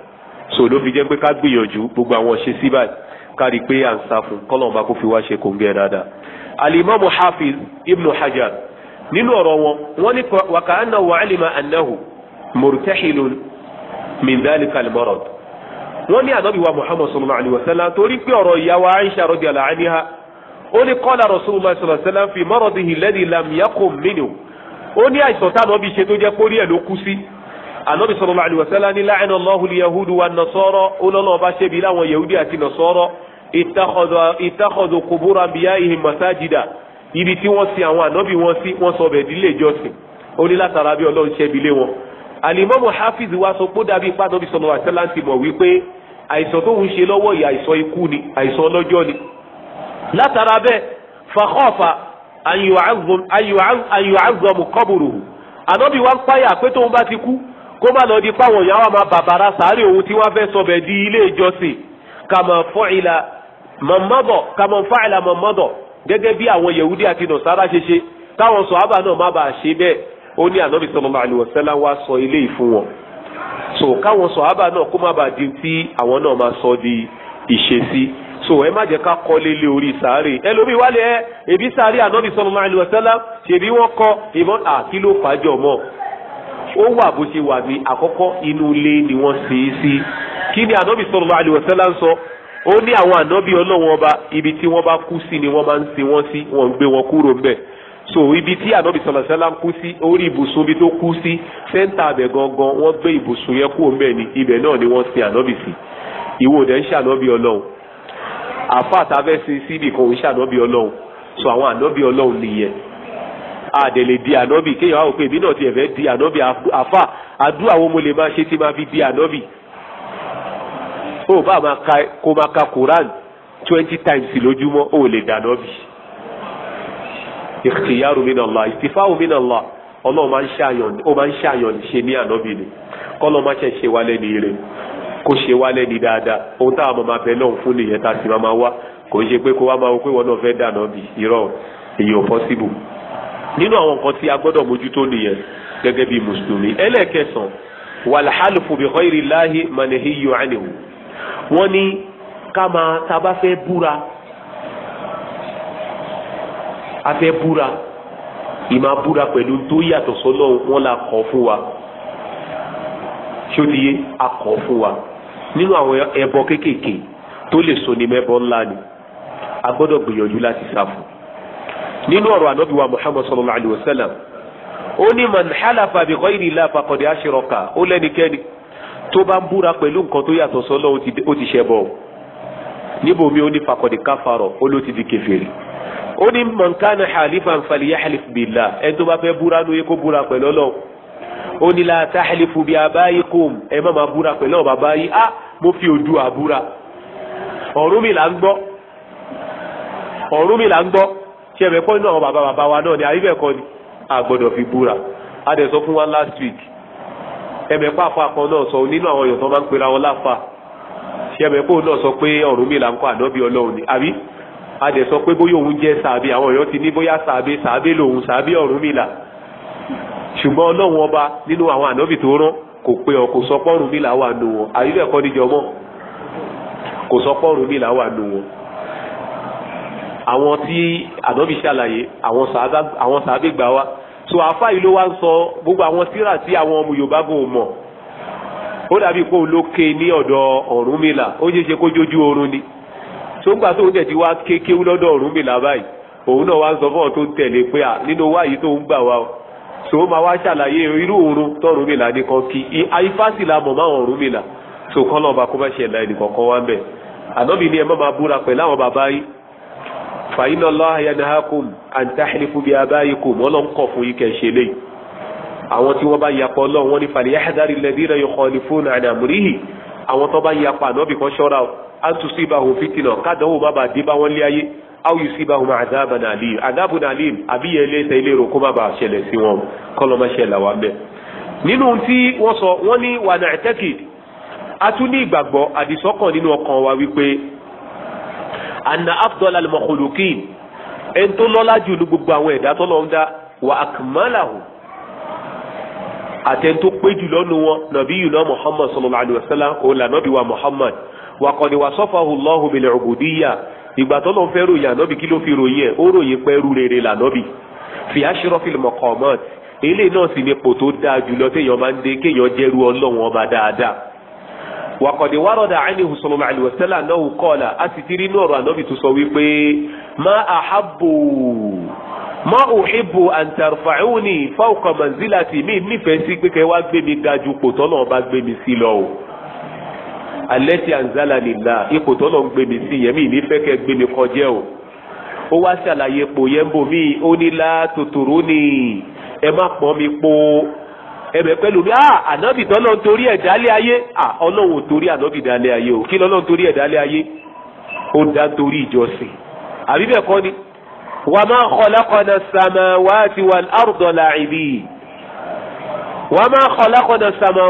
so ló fi jẹ́ pé ká gbìyànjú gbogbo àwọn ṣe sí báyìí kárí pé à ń sá fún kọ́lọ̀ bá kó fi wá ṣe kò ń gẹ́ dáadáa. alimami hafiz ibn hajar nínú ọ̀rọ̀ wọn wọ́n ní wàkà anna wa alima annahu murtahilun min dhalika wọ́n ní anabi wa muhammad sallallahu alayhi wa sallam torí pé ọ̀rọ̀ ìyá wa aisha radiyallahu anha ó ní qala rasulullah sallallahu alayhi wa sallam fi maradihi alladhi lam yaqum minhu ó ní àìsàn táwọn ọbí ṣe tó jẹ́ kórìí ẹ̀ ló kú sí anabi sallallahu alaihi wasallam ní la'ana Allahu al-yahudu wan-nasara olólùwà bá ṣe bí láwọn yahudi àti nasara ittakhadhu qubura anbiya'ihim masajida ibi tí wọ́n sin àwọn anabi wọn sí wọ́n sọ bẹ́ẹ̀ dílé ìjọsìn ó ní látara bí Ọlọ́run ṣe bí lé wọn. alimami hafiz wa sọ pé dàbí ipá anabi sallallahu alaihi ti mọ̀ wípé àìsàn tó ń ṣe lọ́wọ́ yìí ayùwàzọmù kọ́bùrù ànábì wa ń páyà pé tóun bá ti kú kó má lọ di páwọn èèyàn wa máa bàbàrà sàárè òun tí wọ́n fẹ́ sọbẹ̀ di ilé ìjọsìn kàmọ́ fọ́ìlà mọ̀mọ́dọ̀ kàmọ́ fáìlà mọ̀mọ́dọ̀ gẹ́gẹ́ bí àwọn yehudi àti nọ̀sára ṣe ṣe táwọn sọ̀hábà náà má bàa ṣe bẹ́ẹ̀ ó ní ànábì sallallahu alaihi wasallam wá sọ ilé ìfún wọn so káwọn sọ̀hábà náà kó má bàa di tí àwọn náà máa sọ di ìṣesí so ẹ má jẹ́ ká kọ́lé lé orí sàárè ẹlòmíì wálé ẹ èbí sàárè ànábì sallallahu alaihi wasallam ṣèbí wọ́n kọ́ ìbọn àti ló fàájọ mọ́ ó wà bó ṣe wà ní àkọ́kọ́ inú ilé ni wọ́n ṣe é sí kí ni ànábì sallallahu alaihi wasallam ń sọ ó ní àwọn ànábì ọlọ́wọ́n ọba ibi tí wọ́n bá kú sí ni wọ́n máa ń sin wọ́n sí wọ́n ń gbé wọn kúrò ń bẹ̀ so ibi tí ànábì sallallahu alaihi wasallam kú sí orí ibùsùn ibi tó kú sí sẹ́ńtà abẹ gangan wọ́n gbé ibùsùn yẹn kúrò ń bẹ̀ ni ibẹ̀ àfa àtàfẹ́ sí síbì kan òun ṣànọ́bì ọlọ́run so àwọn ànọ́bì ọlọ́run nìyẹn àdèlè di ànọ́bì kéèyàn àwọn òpè mí náà tiẹ̀ fẹ́ di ànọ́bì àfa àdúrà wo mo lè máa ṣe tí máa fi di ànọ́bì ó bá máa ka kó máa ka Quran twenty times lójúmọ́ ó lè dà ànọ́bì ìkìyàrú mi náà la ìtìfáwù mi náà la ọlọ́run máa ń ṣàyàn ó máa ń ṣàyàn ṣe ní ànọ́bì ni kọ́lọ́ máa ṣe ṣe wálé ní ire kó ṣe wá lẹ́ni dáadáa ohun táwọn ọmọ máa bẹ lọ́hùn fún nìyẹn tá a sì máa máa wá kò ń ṣe pé kó wá máa wọ pé wọn náà fẹ́ dànà bí irọ́ èèyàn possible nínú àwọn nǹkan tí a gbọ́dọ̀ mójútó nìyẹn gẹ́gẹ́ bí mùsùlùmí ẹlẹ́ẹ̀kẹsàn wàlhálùfù bi ghayri llahi mànìhíyù ànìhù wọ́n ní ká máa tá a bá fẹ́ búra a fẹ́ búra ìmá búra pẹ̀lú tó yàtọ̀ sọ́nà wọn la kọ̀ fún wa ṣó ti yé a kọ̀ fún wa nínú àwọn ẹbọ kéékèèké tó lè so ní mẹ́bọ ńlá ni a gbọ́dọ̀ gbìyànjú láti sá nínú ọ̀rọ̀ ànábì wa sallallahu alayhi wa sallam ó ní man halafa bi ghayri la faqad ashraka ó lẹ́nikẹ́ni tó bá ń búra pẹ̀lú nǹkan tó yàtọ̀ sọ́lọ́ ó ti ṣẹbọ níbomi ó ní faqad kafara ó ló ti di kèfèrí ó ní man kana halifan falyahlif billah ẹni tó bá fẹ́ búra lóye kó búra pẹ̀lú ọlọ́run ó ní la tahlifu bi abaikum ẹ má máa búra pẹ̀lú ọ̀bà báyìí á ah, mo fi Oòduà búra Ọ̀rúnmìlà ń gbọ́ Ọ̀rúnmìlà ń gbọ́ tí ẹ̀mẹ̀ pọ́ inú bàbá bàbá wa náà ni àríbẹ̀ kọ́ ni a gbọ́dọ̀ fi búra a dẹ̀ sọ fún wa last week ẹ̀mẹ̀ pàfà kan náà sọ nínú àwọn èèyàn tó máa ń pera wọn láfà tí ẹ̀mẹ̀ pọ́ náà sọ pé Ọ̀rúnmìlà ń kọ́ ànábì ọlọ́run ni àbí a dẹ̀ sọ pé bóyá òun jẹ́ sàbí àwọn èèyàn ti ní bóyá sàbí sàbí lòun sàbí Ọ̀rúnmìlà ṣùgbọ́n ọlọ́run ọba nínú àwọn ànábì tó rán kò pé ọ kò sọ pọ́ọ̀rùn mi làwọn àánú wọn àyílẹ̀ ẹ̀kọ́ níjọ mọ́ kò sọ pọ́ọ̀rùn mi làwọn àánú wọn. àwọn tí ànábì ṣàlàyé àwọn sàábé gbà wá so àáfàá yìí ló wá ń sọ gbogbo àwọn tírà tí àwọn ọmọ Yorùbá gò mọ̀ ó dàbí pé òun ló ké ní ọ̀dọ̀ Ọ̀rúnmìlà ó ṣeé ṣe kó jójú oorun ni tó ń gbà tó ń tẹ̀ tí wá kékeré lọ́dọ̀ Ọ̀rúnmìlà báyìí òun náà wá ń sọ fún tó ń tẹ̀lé pé à nínú wáyé tó gbà wá o so ó máa wá ṣàlàyé irú òórùn tọrùn mi là ní kan kí ifásì la mọ̀ máwọn òórùn mi là so kọ́ lọ́ba kó má ṣe ẹ̀dá ẹnìkọ̀ọ̀kan wá mẹ́ ànábì ni ẹ má máa búra pẹ̀lú àwọn bàbá yìí fàyínà Allah yanahakum an tahlifu bí abáyíkum wọ́n lọ ń kọ̀ fún yín kẹ́ṣe lé àwọn tí wọ́n bá yapa Ọlọ́run wọ́n ní falyahdhari alladhina yukhalifuna an amrihi àwọn aw yusibahum adhabun alim adhabun alim àbí yẹn lé tẹ́lẹ̀ rò kó má bàa ṣẹlẹ̀ sí wọn kọ́lọ́mọṣẹ́ làwọn bẹ̀. nínú tí wọ́n sọ wọ́n ní wà náà tẹ́kì a tún ní ìgbàgbọ́ àdìsọ́kàn nínú ọkàn wa wípé anna afdal al-makhluqin ẹni tó lọ́lá jù ní gbogbo àwọn ẹ̀dá tó lọ́ ń wa akmalahu àtẹ̀ntó pé jùlọ nu wọn nàbí yìnyínná muhammad sallallahu alayhi wa sallam òun lànà wa muhammad wa qad wasafahu Allahu bil-ubudiyya ìgbà tó lọ́n fẹ́ ròyìn ànábì kí ló fi ròyìn ẹ̀ ó ròyìn pẹ́rú rere lànábì fi aṣírọ́fìlì mọ̀kànmọ́t eléyìí náà sì ni pò tó dáa jùlọ téèyàn máa ń dé kéèyàn jẹ́rú ọlọ́run ọba dáadáa wàkọ̀dé wárọ̀dà àìníhù sọlọ́mọ àlùwẹ̀sẹ́là náà kọ́ọ̀là á sì ti rí inú ọ̀rọ̀ ànábì tó sọ wípé má àhábò má òhìbò àǹtàrfàáhùn ní fáwọkọ̀ mọ̀nzílà tì mí nífẹ̀ẹ́ sí pé kẹ́ wá gbé mi ga ju pò tọ́lọ́ ọba gbé mi sí lọ alẹ́ ti anzala lila ipò tó lọ ń gbé mi sí yẹn mi ní fẹ́ kẹ́ gbé mi kọjá o ó wá ṣàlàyé pò yẹn bò mí ó ní la tòtòrò ni ẹ má pọ́n mi po ẹbẹ pẹ̀lú mi ah ànábì tọ́lọ́ ń torí ẹ̀ dálé ayé ah ọlọ́run ò torí ànábì dálé ayé o kí lọ́lọ́run torí ẹ̀ dálé ayé ó dá torí ìjọsìn àbí bẹ́ẹ̀ kọ́ ni wàá má khalaqna samawati wal arda la'ibin wàmà khalaqna sàmà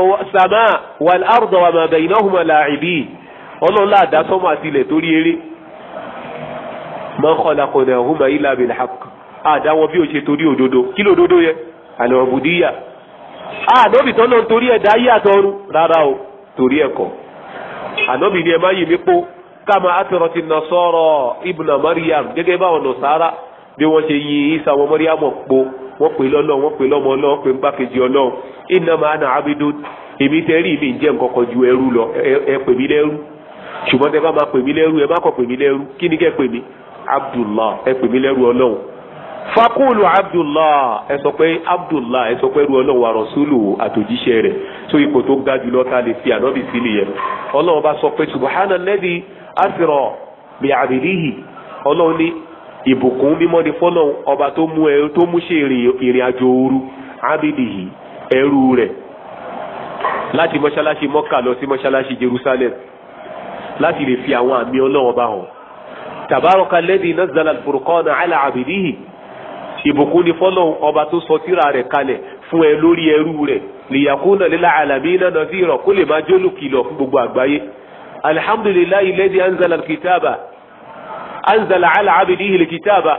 wal arda wàmà baynahuma la'ibin ọlọ́lá àdásọ́mọ́ àti ilẹ̀ torí eré ma khalaqnahuma illa bil haqq àdáwọ̀ bí o ṣe torí òdodo kí ló dodo yẹ àlọ́ ọ̀bùdíyà àdóbì tó lọ torí ẹ̀dá yé àtọrun rárá o torí ẹ̀kọ́ àdóbì ni ẹ má yí mi pó kama atirọti nasọrọ ibùnà mariam gẹ́gẹ́ báwọn nọ sára bí wọ́n ṣe yí isa wọn mariam pọ̀ wọ́n pè lọ́lọ́ wọ́n pè lọ́mọ ọlọ́ wọ́n pè gbákejì ọlọ́ iná máa nà ábídó èmi tẹ́ rí mi jẹ́ nǹkan kan ju ẹrú lọ ẹ pè mí lẹ́rú ṣùgbọ́n tẹ́ bá máa pè mí lẹ́rú ẹ má pè mí lẹ́rú kí ni kẹ́ pè mí abdullah ẹ pè mí lẹ́rú ọlọ́run fakulu abdullah ẹ sọ pé abdullah ẹ sọ pé ẹrú ọlọ́run wa rasulu àtòjíṣẹ́ rẹ̀ tó ipò tó ga jùlọ ta lè fi ànábì sọ pé ìbùkún mímọ́ ni fọ́lọ́hún ọba tó mú ẹrú tó mú ṣe ìrìn àjò òru ábídìhì ẹrú rẹ̀ láti mọ́ṣáláṣí mọ́kà lọ sí mọ́ṣáláṣí jerusalem láti lè fi àwọn àmì ọlọ́run bá hàn tàbárọ̀ka lẹ́dí nazala furukọ́nà àlà àbídìhì ìbùkún ni fọ́lọ́hún ọba tó sọ tírà rẹ̀ kalẹ̀ fún ẹ lórí ẹrú rẹ̀ lìyàkúnà lílà àlàmì iná nàzírọ̀ kó lè máa jólùkìlọ̀ fún gbogbo àgbáyé alhamdulilayi lẹ́dí anzala kìtàbà anzala ala abidihi likitaba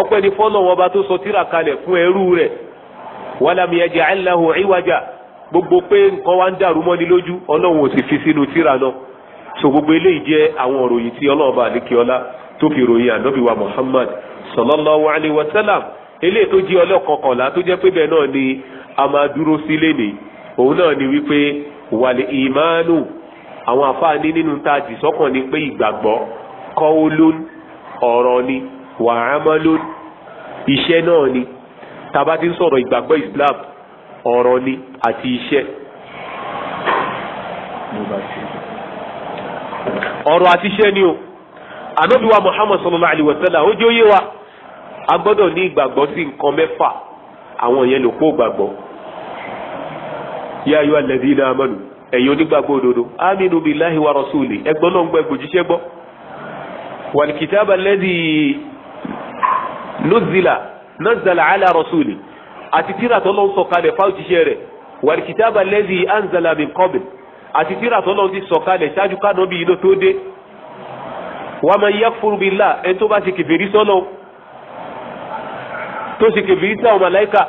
ọpẹ́ ni fọ́lọ́run ọba tó sọ tira kalẹ̀ fún ẹrú rẹ̀ walam yaj'al lahu iwaja gbogbo pé nǹkan wa ń dàrú mọ́ni lójú ọlọ́run ò sì fi sínú náà so gbogbo eléyìí jẹ́ àwọn òròyìn tí ọlọ́run bá muhammad sallallahu alayhi eléyìí tó jẹ́ tó jẹ́ pé ni a máa dúró sí òun náà ni wípé wàlẹ̀ ìmánu àwọn àfáàní nínú tá a jì sọ́kàn ni pé kọ́ọ̀lún ọ̀rọ̀ ni wà ámọ́lún iṣẹ́ náà ni tàbá ti sọ̀rọ̀ ìgbàgbọ́ Islam ọ̀rọ̀ ni àti iṣẹ́ ọ̀rọ̀ àti iṣẹ́ ni o anábíwá Muhammad sallallahu alayhi wa sallam ó jẹ́ wa a gbọ́dọ̀ ní ìgbàgbọ́ sí nǹkan mẹ́fà àwọn yẹn ló kó aminu wa rasuli ẹgbọ́n náà ń gbọ́ wàlìkìtàbà lẹ́dí nọ́zìlà nọ́zàlà àlà rọ̀sùlì àti tíra tó lọ́n sọ̀kalẹ̀ fáwọn òjíṣẹ́ rẹ̀ wàlìkìtàbà lẹ́dí anzala min qabl àti tíra tó lọ́n ti sọ̀kalẹ̀ ṣáájú kánà bí iná tó dé wàá máa yẹ fúru bí là ẹni tó bá ti kẹfẹ́rí sọ́nà tó ti kẹfẹ́rí sáwọn màláìka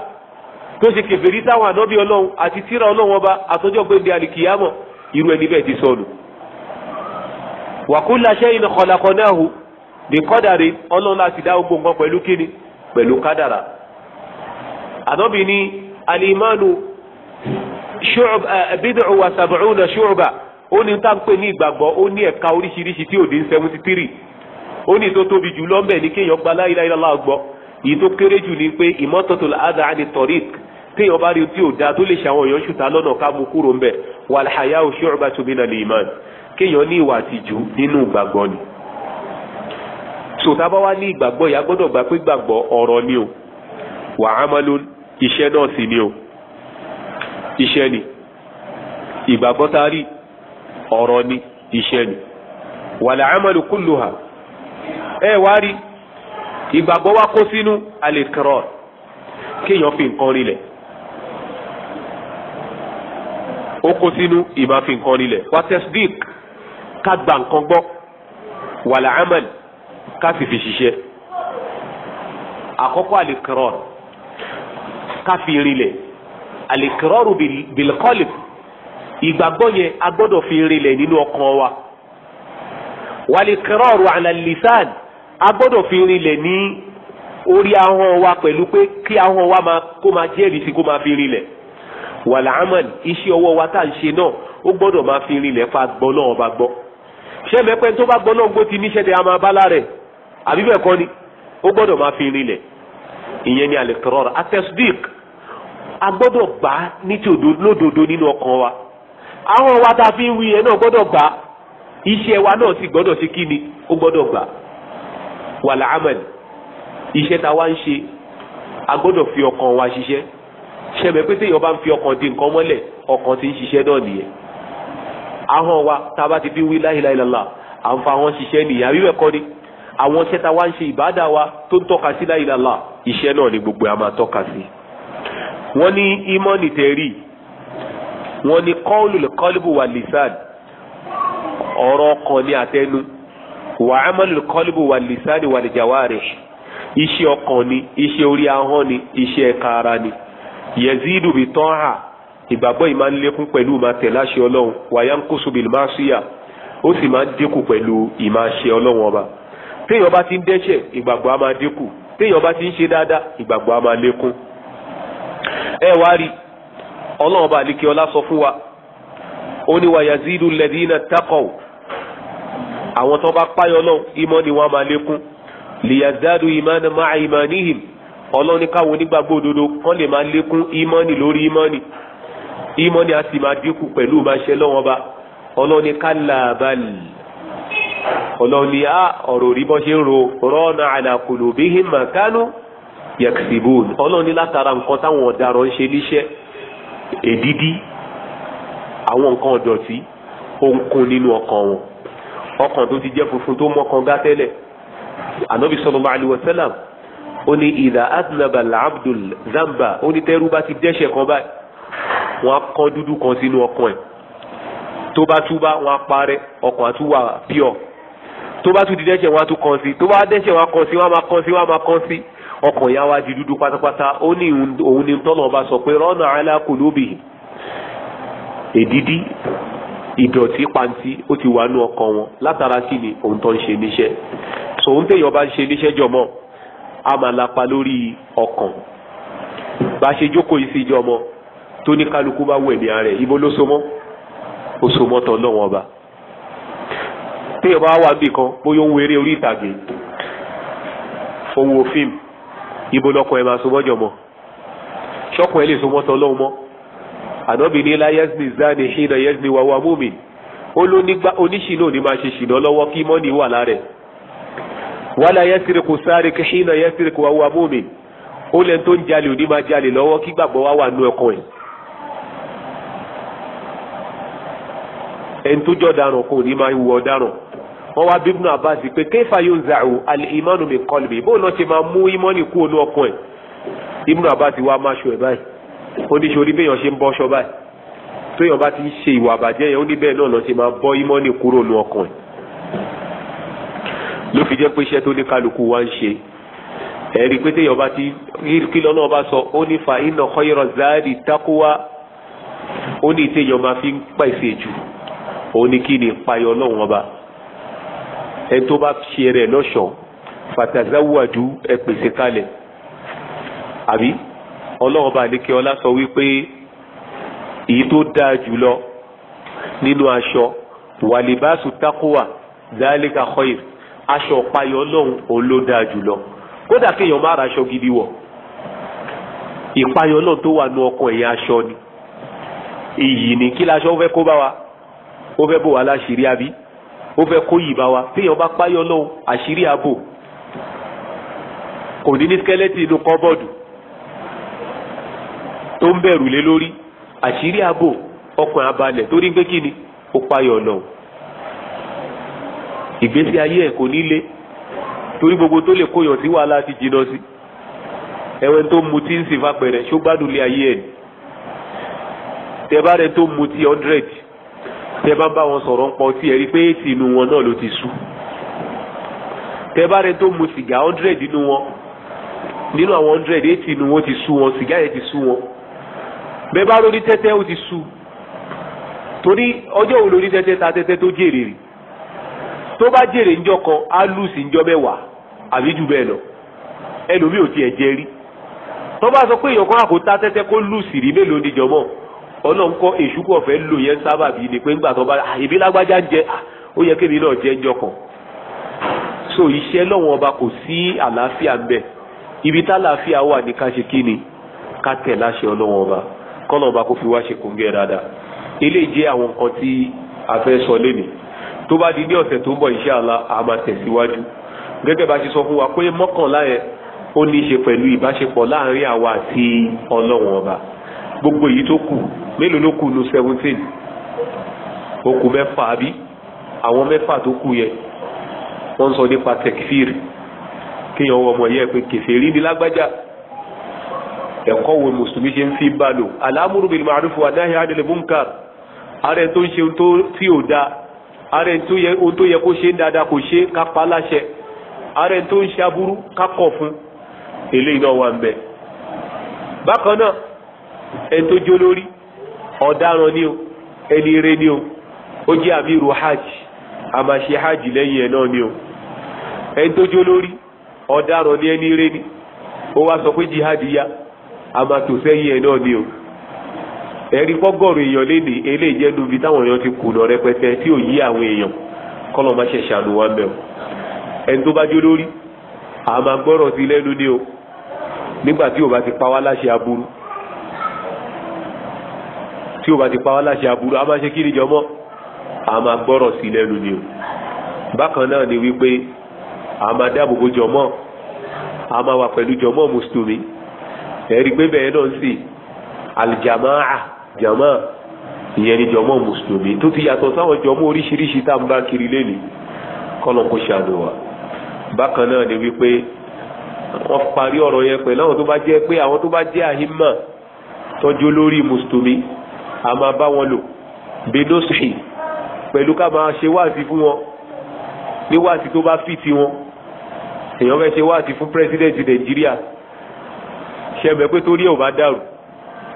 tó ṣe kèfèrí sáwọn ànábì ọlọ́run àti tíra ọlọ́run ọba àtọ́jọ́ gbẹ̀ndẹ̀ àlìkìyàmọ̀ irú ẹni bẹ́ẹ̀ ti sọnù wa kulla shay'in khalaqnahu bi qadari ọlọ́run láti dá gbogbo nǹkan pẹ̀lú kíni pẹ̀lú kádàrà. ànábì ní alimanu bid'u wa sab'una shu'ba ó ní tá à ń pè ní ìgbàgbọ́ ó ní ẹ̀ka oríṣiríṣi tí òde ń seventy three ó ní tó tóbi jù lọ́mbẹ̀ ní kéèyàn gba la ilaha illallah gbọ́ èyí tó kéré jù ní pé imatatul adha ani tariq téèyàn bá rí tí ò dáa tó lè ṣàwọn èèyàn ṣùtà lọ́nà ká mú kúrò ńbẹ̀ wal haya'u shu'batun minal iman kéèyàn ní ìwà àtijú nínú ìgbàgbọ́ ni sòtábà wá ní ìgbàgbọ́ yìí a gbọ́dọ̀ gbà pé gbàgbọ́ ọ̀rọ̀ ni o wà á máa lo iṣẹ́ náà sí ni o iṣẹ́ ni ìgbàgbọ́ tá a rí ọ̀rọ̀ ni iṣẹ́ ni wàlẹ̀ àmàlù kúlù ha ẹ wá rí ìgbàgbọ́ wa kó sínú alẹ́kẹ̀rọ̀ kéèyàn fi nǹkan rinlẹ̀ ó kó sínú ìmáfi nǹkan rinlẹ̀ wà tẹ̀sídìkì ká gba nǹkan gbọ́ wàlà amal ká sì fi ṣiṣẹ́ àkọ́kọ́ alikirọ́r ká fi rinlẹ̀ alikirọ́rù bilkọ́lìf ìgbàgbọ́ yẹn a gbọ́dọ̀ fi rinlẹ̀ nínú ọkàn wa walikirọ́rù alalisan a gbọ́dọ̀ fi rinlẹ̀ ní orí ahọ́n wa pẹ̀lú pé kí ahọ́n wa máa kó máa jẹ́rìí sí kó máa fi rinlẹ̀ wàlà amal iṣẹ́ ọwọ́ wa tá à ń ṣe náà ó gbọ́dọ̀ máa fi rinlẹ̀ fa gbọ́ náà ọba gbọ́ ṣé mẹ́pẹ́ tó bá gbọ́ náà gbó ti níṣẹ́ tẹ a máa bá lára ẹ̀ àbí bẹ́ẹ̀ kọ́ ni ó gbọ́dọ̀ máa fi rinlẹ̀ ìyẹn ni al-iqrar at-tasdiq a gbọ́dọ̀ gbà ní ti lódodo nínú ọkàn wa àwọn wa ta fi ń wí yẹn náà gbọ́dọ̀ gbà iṣẹ́ wa náà sì gbọ́dọ̀ ṣe kí ni ó gbọ́dọ̀ gbà wal amal iṣẹ́ ta wá ń ṣe a gbọ́dọ̀ fi ọkàn wa ṣiṣẹ́ ṣẹ́mi pété yọba ń fi ọkàn di nǹkan mọ́lẹ̀ ọkàn ti ń ṣiṣẹ́ náà nìyẹn ahọ́n wa tá a bá ti fi wí láìláì lọ́la à ń fa àwọn ṣiṣẹ́ nìyí àbí kọ́ ni àwọn iṣẹ́ ta wá ń ṣe ìbádà wa tó ń tọ́ka sí láìláìlá iṣẹ́ náà ni gbogbo a máa tọ́ka sí. wọ́n ní ìmọ̀nì tẹ̀rí wọ́n ní kọ́ọ̀lù kọ́líbù wà lisan ọ̀rọ̀ ọkàn ní àtẹnu wà ámọ̀lù kọ́líbù wà lisan wà jàwárì iṣẹ́ ọkàn ni iṣẹ́ orí ahọ́n ni iṣẹ́ ẹ̀ka ara ni yẹ̀zídù ìgbàgbọ́ yìí máa ń lékún pẹ̀lú máa tẹ̀ láṣẹ ọlọ́run wàyà ń kóso bìlì máa ṣíyà ó sì máa ń dínkù pẹ̀lú ìmáṣe ọlọ́run ọba téèyàn bá ti ń dẹ́ṣẹ̀ ìgbàgbọ́ á máa dínkù téèyàn bá ti ń ṣe dáadáa ìgbàgbọ́ á máa lékún. ẹ wá rí ọlọ́run ọba àlekè ọlá sọ fún wa ó ní wàyà zidu lẹ́dínà takọ̀ọ́ àwọn tó bá páyọ̀ ọlọ́run ìmọ̀ ni wọ́n máa lékún lìyàzádù ìmánà máa ìmánìhìm ọlọ́run ní káwọn onígbàgbọ́ òdodo kán lè máa lékún ìmánì lórí ìmánì ìmọ̀ni a sì máa dínkù pẹ̀lú máa ṣe lọ́wọ́n bá ọlọ́ni kálá ọlọ́ni a ọ̀rọ̀ rí bọ́ ṣe ń ro rọ́ọ̀nà àlàkùlù bí i màkánú yẹ̀kìsìbòn ọlọ́ni látara nǹkan táwọn ọ̀daràn ń ṣe níṣẹ́ èdídí àwọn nǹkan ọ̀dọ̀tí ó ń kún nínú ọkàn wọn ọkàn tó ti jẹ́ funfun tó mọ́kàn gá tẹ́lẹ̀ ànábì sallallahu alaihi wasallam ó ní ìdá adnaba abdul zamba ó ní tẹ́rú bá ti dẹ́ṣẹ̀ kan báyìí wọn á kán dúdú kan sínú ọkàn ẹ̀ tó bá túbá wọn á parẹ́ ọkàn á tún wà pure tó bá tún di dẹ́ṣẹ̀ wọn á tún kàn sí tó bá dẹ́ṣẹ̀ wọn kàn sí wọn máa kàn sí wọn máa kàn sí ọkàn ìyá wa di dúdú pátápátá ó ní òun ni tọ́nà ọba sọ pé rọ́nà alákòlóbì èdídí ìdọ̀tí pàǹtí ó ti wà nú ọkàn wọn látara kí ni òun tó ń ṣe níṣẹ́ so òun téèyàn bá ń ṣe níṣẹ́ jọmọ́ a máa lapa lórí ọkàn bá ṣe jókòó yìí sí jọmọ́ tó ní kálukú bá wẹ̀ ní ààrẹ ibo ló so mọ́ ó so mọ́ tán náà wọn bá téèyàn bá wà níbì kan bóyá ń wéré orí ìtàgé ó fíìmù ibo lọkọ ẹ máa so mọ́jọ mọ́ ṣọ́kùn ẹ lè so mọ́ tán náà mọ́ ànábì ní láyẹ́sìn zani hìnà yẹ́sìn wàwà múmi ó ló nígbà oníṣìnà ní máa ṣe ṣìnà lọ́wọ́ kí mọ́nì wà lára ẹ̀ wàlá yẹ́sìn kò sáré hìnà yẹ́sìn wàwà múmi ó lẹ́ni tó ń jalè ò máa jalè lọ́wọ́ kí gbàgbọ́ wà wà nú ọkàn ẹ̀ ẹni tó jọ dànù kò ní máa wọ dànù wọ́n wá bí Ibn Abbas pé kéfà yóò zàù al-imanu min qalbi bó lọ́ọ́ ṣe máa mú ìmánì kú ònú ọkàn ẹ̀ Ibn Abbas wá máa ṣọ ẹ̀ báyìí ó ní ṣe oníbẹ̀yàn ṣe ń bọ́ṣọ báyìí tóyàn bá ti ṣe ìwà àbàjẹ́ yẹn ó ní bẹ́ẹ̀ náà lọ́ọ́ ṣe máa bọ́ ìmánì kúrò ònú ọkàn ẹ̀ ló fi jẹ́ pé iṣẹ́ tó ní kálukú wá ń ṣe ẹ̀rí pé téèyàn bá ti kí òun ni kí ni payọ ọlọ́run ọba ẹni tó bá ṣe rẹ̀ lọ́ṣọ̀ọ́ fatazawadu ẹ pèsè kalẹ̀ àbí ọlọ́run ọba àdékẹ́ ọlá sọ wípé èyí tó dáa jùlọ nínú aṣọ wàlíbáṣu takuwa dálíkà khoir aṣọ payọ ọlọ́run òun dáa jùlọ kódà kéèyàn má ra aṣọ gidi wọ̀ ìpayọ ọlọ́run tó wà nú ọkàn ẹ̀yà aṣọ ni iyì ni kí laṣọ fẹ́ kó bá wa ó fẹ́ bò wá láṣìírí àbí ó fẹ́ kó yìí bá wa téèyàn bá páyọ lọ́wọ́ àṣírí àbò kò ní ní skeleton inú kọ́bọ̀dù tó ń bẹ̀rù lé lórí àṣírí àbò ọkàn abalẹ̀ torí pé kí ni ó páyọ lọ́wọ́ ìgbésí ayé ẹ̀ kò ní lé torí gbogbo tó lè kóyàn sí wàhálà ti jìnnà sí ẹwẹ́n tó mutí ń sìn fapẹ̀rẹ̀ ṣó gbádùn lé ayé ẹ̀ tẹ bá rẹ tó mutí hundred tẹ bá ń bá wọn sọ̀rọ̀ ń pọ̀ tí ẹ rí pé ètì inú wọn náà ló ti sú tẹ bá rẹ tó mu sìgá hundred inú wọn nínú àwọn hundred ètì inú wọn ti sú wọn sìgá yẹn ti sú wọn bẹ́ẹ̀ bá lórí tẹ́tẹ́ ó ti sú torí ọjọ́ wo lórí tẹ́tẹ́ ta tẹ́tẹ́ tó jèrè rè tó bá jèrè ńjọ́ kan á lù sí mẹ́wàá àbí jù bẹ́ẹ̀ lọ ẹlòmíì ò tiẹ̀ jẹ rí tó bá sọ pé èèyàn àkótá tẹ́tẹ́ kó lù rí mélòó níjọ́ mọ́ ọlọ́run kọ́ èṣù kọ̀ fẹ́ lò yẹn sábà bíi ni pé ńgbà tó bá ìbí ah, lágbájá ń jẹ ah, ó yẹ kébi náà jẹ́ ńjọ kan so iṣẹ́ lọ́wọ́n ọba kò sí àlàáfíà ń bẹ̀ ibi tálàáfíà wà ní ká ṣe kí ni ká tẹ̀ láṣẹ ọlọ́wọ́n ọba kọ́nà ọba kò fi wá ṣe kóńgẹ́ dáadáa ilé jẹ́ àwọn nǹkan tí a fẹ́ sọ lẹ́nu tó bá di ní ọ̀sẹ̀ tó ń bọ̀ ìṣáàlá a máa tẹ̀síwájú gẹ́gẹ́ bá ṣe sọ fún wa pé mọ́kànlá yẹn ó ní í ṣe pẹ̀lú ìbáṣepọ̀ láàárín àwa àti ọlọ́wọ́n ọba gbogbo èyí tó kù mélòó ló kù nu seventeen ó kù mẹ́fà àbí àwọn mẹ́fà tó kù yẹn wọ́n sọ nípa tekfir kéèyàn wọ ọmọ yẹn pé kèfèrí ni lágbájá ẹ̀kọ́ wo mùsùlùmí ṣe ń fi bá lò alámúrú bil ma'ruf wa nahy 'anil munkar ààrẹ tó ń ṣe tí ò da ààrẹ ohun tó yẹ kó ṣe dáadáa kò ṣe ká pa láṣẹ ààrẹ tó ń ṣe aburú ká kọ̀ fún eléyìí náà wà ń bẹ bákan náà ẹni tó jó lórí ọ̀daràn ni o ẹni ire ni o ó jẹ́ àmìrù hajj a máa ṣe hajj lẹ́yìn ẹ̀ náà ni o ẹni tó jó lórí ọ̀daràn ni ẹni ire ni ó wá sọ pé jihad ya a máa tò sẹ́yìn ẹ̀ náà ni o ẹ̀rí kọ́gọ́rù èèyàn léde eléyìí jẹ́ nubi táwọn èèyàn ti kùnà rẹpẹtẹ tí ò yí àwọn èèyàn kọ́lọ̀ máa ṣe ṣàánú wa mẹ́ o ẹni tó bá jó lórí a gbọ́rọ̀ sí lẹ́nu ni o nígbà tí ò bá ti pa wá láṣẹ aburú tí ó bá ti pa wá láṣẹ a máa ṣe kí ni jọmọ́ a máa gbọ́rọ̀ sí lẹ́nu ni o bákan náà ni wípé a máa dáàbò jọmọ́ a máa wà pẹ̀lú jọmọ́ mùsùlùmí ẹ̀rí pé bẹ́ẹ̀ náà sì aljamaa jamaa ìyẹn ni jọmọ́ mùsùlùmí tó ti yàtọ̀ sáwọn jọmọ́ oríṣiríṣi tá à ń bá kiri lẹ́nu kọ́lọ̀ kó ṣàánú wa bákan náà ni wípé wọ́n parí ọ̀rọ̀ yẹn pẹ̀lú àwọn tó bá jẹ́ pé àwọn tó bá jẹ́ àhímà tọ́jú lórí mùsùlùmí a máa bá wọn lò benosi pẹ̀lú ká máa ṣe wáàsí fún wọn ní wáàsí tó bá fìtì wọn èèyàn fẹ́ ṣe wáàsí fún pírẹsidẹ́ǹtì nàìjíríà ṣẹ̀mẹ̀ pé torí ẹ̀ ò bá dàrú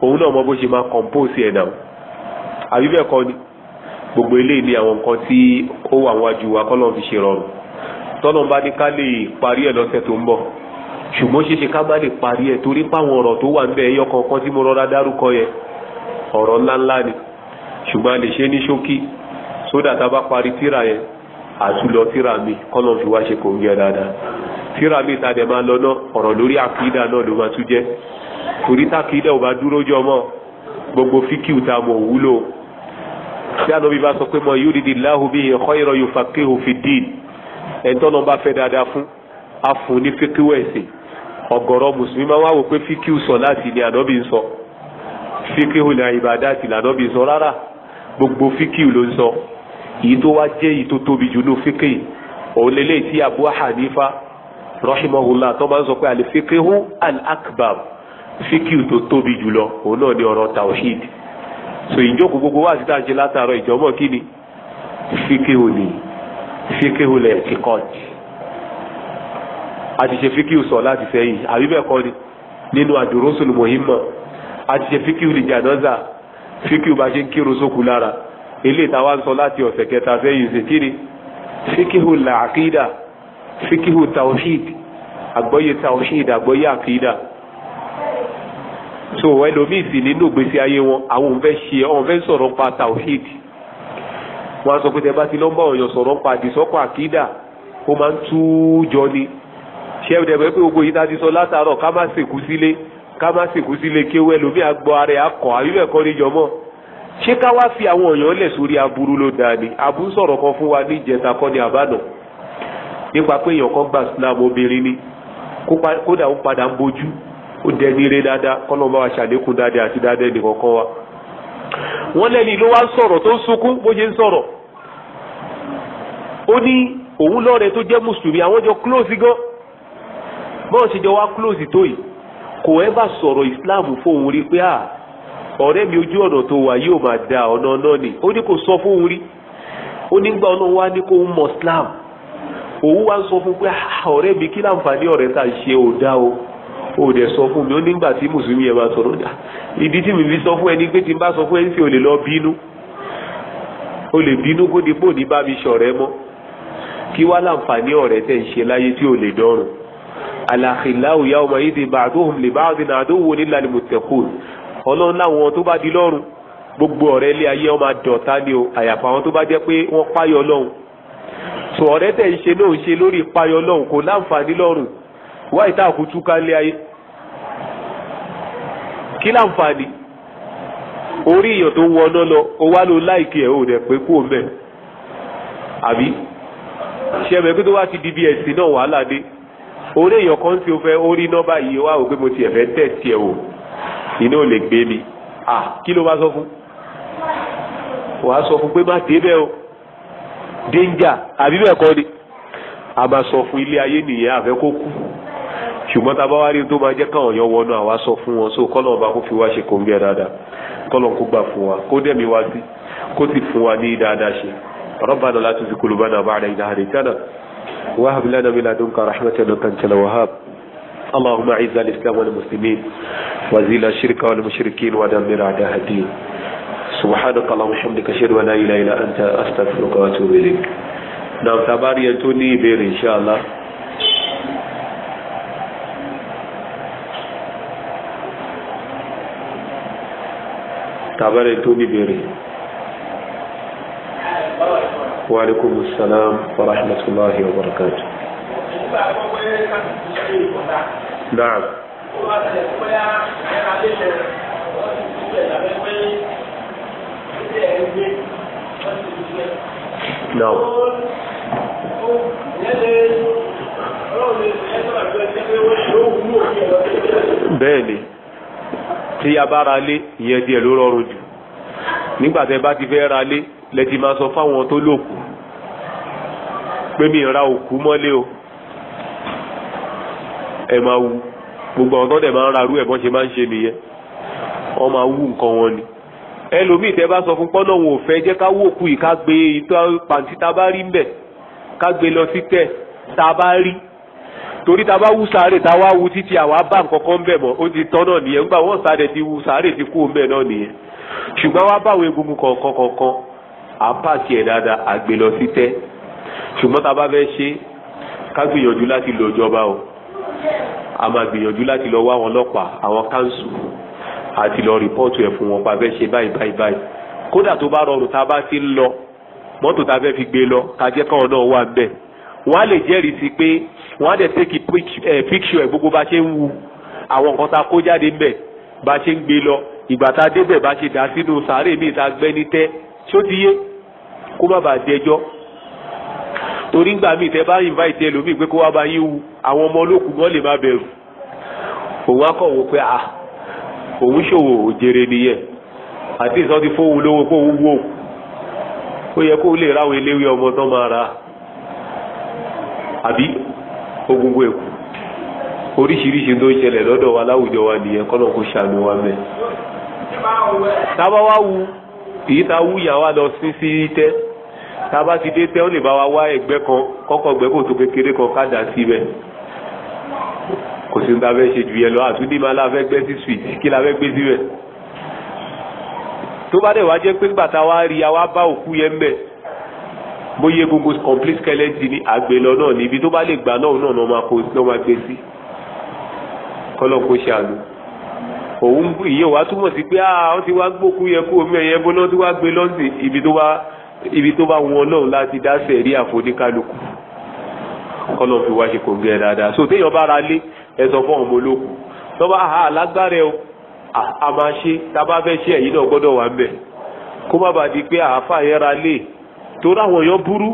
òun náà mọ bó ṣe máa compose ẹ̀ náà àbí kọ́ ni gbogbo eléyìí ni àwọn nǹkan tí ó wà wájú wa kọ́lọ́ fi ṣe rọrùn tọ́lọ́ bá ní ká lè parí ẹ̀ lọ́sẹ̀ tó ń bọ̀ ṣùgbọ́n ṣeṣe ká bá lè parí ẹ̀ torí páwọn ọ̀rọ̀ tó wà ń bẹ ẹyọ tí mo rọra dárúkọ yẹn ọ̀rọ̀ ńláńlá ni ṣùgbọ́n a lè ṣe ní ṣókí sódà tá a bá parí tíra yẹn àtúlọ tíra mi kọ́nà fi wá ṣe kò ń gẹ dáadáa tíra mi ta dẹ̀ máa lọ náà ọ̀rọ̀ lórí àkídà náà ló máa tún jẹ́ torí tákìdá ò bá dúró jọ mọ́ gbogbo fíkìú ta mọ̀ wúlò tí ànábi bá sọ pé mọ yóò dìde láhùn bí ẹ̀kọ́ ìrọ̀ yóò fà kéhùn fi dín ẹ̀ńtọ́nà bá fẹ́ dáadáa fún afún ní fíkìú ẹ̀sìn ọ̀gọ̀rọ̀ mùsùlùmí máa wá wò pé fíkìú sọ láti ilé ànábi ń sọ. Fikiru ní ibadati ti lànà bí sọ rárá gbogbo fíkìhù ló ń sọ èyí tó wá jẹ́ èyí tó tóbi jù ní fíkìhù òun lélẹ́yìí tí Abu Hanifa rahimahullah tó máa ń sọ pé àlefíkìhù al-akbar fíkìhù tó tóbi jù lọ òun náà ní ọ̀rọ̀ tawhid so ìjókòó gbogbo wa sí dáńṣe látàárọ̀ ìjọmọ́ kí ni fíkìhù ni fikiru la ti kọ́ ni a ti ṣe fíkìhù sọ láti sẹ́yìn àbí bẹ́ẹ̀ kọ́ ni nínú àdúrósùn muhimma àti ṣe fíkìú lè jàdọ́zà fíkìú bá ṣe ń kírun sókù lára ilé ìtawà ń sọ láti ọ̀sẹ̀ kẹta sẹ́yìn ṣe kiri fíkìú làákídà fíkìú tawhid àgbọ́yé tawhid àgbọ́yé àkídà so ẹlòmíì sì nínú ìgbésí ayé wọn àwọn òun fẹ́ ṣe ọ̀n fẹ́ sọ̀rọ̀ pa tawhid wọn sọ pé tẹ bá ti lọ ń ọ̀yàn sọ̀rọ̀ pa àdìsọ́kọ̀ àkídà ó máa ń tú jọ ni ṣé ẹ̀ gbogbo yìí tá a ti sọ látàárọ̀ ká má sèkú sílé Kama má sì kú sílé kéwú ẹlòmí àgbọ̀ ara ẹ̀ akọ̀ àbíbẹ̀ kọ́ níjọ mọ́ ṣé ká wá fi àwọn èèyàn lẹ̀ sórí aburú ló dáa ni aburú sọ̀rọ̀ kan fún wa ní ìjẹta kọ́ ní àbádàn nípa pé èèyàn kan gba Islam obìnrin ni kódà ó padà ń bojú ó dẹni eré dáadáa kọ́nà bá wa ṣàlékún dáadáa àti dáadáa ẹnìkan kan wa wọ́n lẹ́ni ló wá ń sọ̀rọ̀ tó ń sunkún bó ṣe ń sọ̀rọ̀ ó ní òun lọ́rẹ̀ẹ́ tó jẹ́ mùsùlùmí àwọn jọ close gan bọ́ọ̀ jọ wá close tó yìí kò ẹ́bà sọ̀rọ̀ islam fóun rí pé à ah, ọ̀rẹ́ mi ojú ọ̀nà tó wà yóò máa da ọ̀nà náà ni ó ní kò sọ fóun rí ó nígbà ọ̀nà wa ní kó ń mọ̀ islam òun wá sọ fún pé ah, ọ̀rẹ́ mi kí láǹfààní ọ̀rẹ́ tá a ṣe ò dá o ó dẹ̀ sọ fún mi ó nígbà tí mùsùlùmí ẹ̀ máa sọ̀rọ̀ dà ah, ìdí tí mi fi sọ fún ẹni pé tí n bá sọ fún ẹni tí o lè lọ bínú o lè bínú kó dípò ní bá mi ṣọ̀rẹ́ mọ́ kí wá láǹfààní ọ̀rẹ́ tẹ̀ ń ṣe láyé tí o lè dọ́rùn àlàkìláwù yawma idin ba'duhum li ba'din aduwwun illa al-muttaqun ọlọ́run láwọn tó bá di lọ́rùn gbogbo ọ̀rẹ́ ilé ayé ọmọ àdọ̀tá ni o àyàfà àwọn tó bá jẹ́ pé wọ́n páyọ lọ́hùn tó ọ̀rẹ́ tẹ̀ ń ṣe náà ń ṣe lórí ìpáyọ lọ́hùn kò láǹfààní lọ́rùn wá ìta àkútú ká lé ayé kí láǹfààní orí èèyàn tó ń lọ ó wá ló láìkí ẹ̀ ò rẹ̀ pé kú mẹ́ àbí ṣe mẹ́ tó wá ti di bí ẹ̀sìn náà wàhálà dé orí èèyàn kan tí o fẹ́ ó rí nọ́mbà yìí wá wò pé mo ti fẹ́ tẹ̀ tiẹ̀ o ò lè gbé mi à kí ló bá sọ fún wàá sọ fún pé má débẹ̀ o dénjà àbí bẹ́ẹ̀ kọ́ ni a máa sọ fún ilé ayé nìyẹn àfẹ́ kó kú ṣùgbọ́n tá a bá wá rí tó máa jẹ́ sọ fún wọn so wa kó dẹ̀mí wá sí kó sì fún wa ní dáadáa ṣe وهب لنا من لدنك رحمة انك انت الوهاب اللهم اعز الاسلام والمسلمين وزيل الشرك والمشركين ودمر اعداء الدين سبحانك اللهم وبحمدك اشهد ان لا اله الا انت استغفرك واتوب اليك نعم تباري ينتوني بير ان شاء الله تباري ينتوني بير wa alaikum assalam wa rahmatullahi wa barakatuh. Naam. Naam. Bẹ́ẹ̀ni, tí a bá ra lé, ìyẹn díẹ̀ ló rọrùn jù. Nígbà bá ti fẹ́ ra lé, lẹ́tì máa sọ fáwọn tó lòkù pé mi ra òkú mọ́lé o ẹ máa wu gbogbo àwọn tó dẹ̀ máa ń rarú ẹ̀ bọ́n ṣe máa ń ṣe nìyẹn wọ́n máa wú nǹkan wọn ni ẹlòmíì tẹ́ bá sọ fún pọ́nà òun ò fẹ́ jẹ́ ká wòkú yìí ká gbé ìtọ́ pàǹtí tá a bá rí ń bẹ̀ ká gbé lọ sí tẹ̀ tá a bá rí torí tá a bá wú sáré tá wá wú títí àwa bá nǹkan kan bẹ̀ mọ́ ó ti tán nìyẹn nígbà wọ́n sáré ti wú sáré ti kú òun bẹ̀ náà nìyẹn ṣùgbọ́n wá báwọn egungun kọ̀ọ̀kan kọ̀ọ̀kan à ń pààkì ẹ̀ dáadáa àgbè lọ sí tẹ́ ṣùgbọ́n tá a bá fẹ́ ṣe ká gbìyànjú láti lò ìjọba o a máa gbìyànjú láti lọ wá àwọn ọlọ́pàá àwọn káńsù àti lọ rìpọ́ọ̀tù ẹ̀ fún wọn pa fẹ́ ṣe báyìí báyìí báyìí kódà tó bá rọrùn tá a bá ti ń lọ mọ́tò tá a fẹ́ fi gbé lọ ká jẹ́ káwọn náà wà bẹ́ẹ̀ wọ́n á lè jẹ́rìí sí pé wọ́n á dẹ̀ tẹ́kì píkṣù eh, ẹ̀ gbogbo bá ṣe ń wu àwọn nǹkan tá a kó jáde ń bẹ̀ bá ṣe ń gbé lọ ìgbà tá a débẹ̀ bá ṣe dà sínú sàárè míì tá a gbẹ́ ní tẹ́ ṣó ti yé kó má bàa dẹjọ́ torí ńgbà míì tẹ bá invite ẹlòmíì pé kó wá bá yín wu àwọn ọmọ olókùn gan lè má bẹ̀rù òun akọ̀wò pé a òun ṣòwò òjèrè nìyẹn àti ìsọ́ ti fóun lówó kó wú ó yẹ kó lè ráwọn eléwé ọmọ tán máa ra àbí ogungun èkó oríṣiríṣi tó ń ṣẹlẹ̀ lọ́dọ̀ wa láwùjọ wa nìyẹn kọ́nà kó ṣàánú wa mẹ́ tábà wá wu èyí tá a wúyà wa lọ sí sí tẹ́ tá bá ti dé tẹ́ ó lè bá wa wá ẹgbẹ́ kan kọ́kọ́ ẹgbẹ́ kò tó kékeré kan ká dà síbẹ̀ kò sí ní ta fẹ́ ṣe jù yẹn lọ àtúndì máa la fẹ́ gbé sí sweet kí la fẹ́ gbé síbẹ̀ tó bá dẹ̀ wá jẹ́ pé gbàtà wa rí a wá bá òkú yẹn mbẹ̀ bóyá gbogbo complete skeleton ni àgbélọ náà níbi tó bá lè gbà náà náà náà máa gbé sí kọ́lọ́ kó ṣe àlù òun ìyẹn wàá túmọ̀ sí pé ah wọ́n ti wá gbókú yẹ kó omi ẹ̀yẹ bọ́lá tí wá gbé lọ́sìn ibi tó bá ibi tó bá wọn náà láti dá sẹ̀rí àfoníkálukú kọ́lọ́ fi wá ṣe kò ń gẹ̀ dáadáa so téèyàn bá ra lé ẹ sọ fún ọmọ olókùn tọ́ba ah, àhá alágbára a máa ṣe tábà fẹ́ ṣe ẹ̀yìn náà gbọ́dọ̀ wà ń kó má bàa di pé àáfà yẹn ra lé torí àwọn èèyàn burú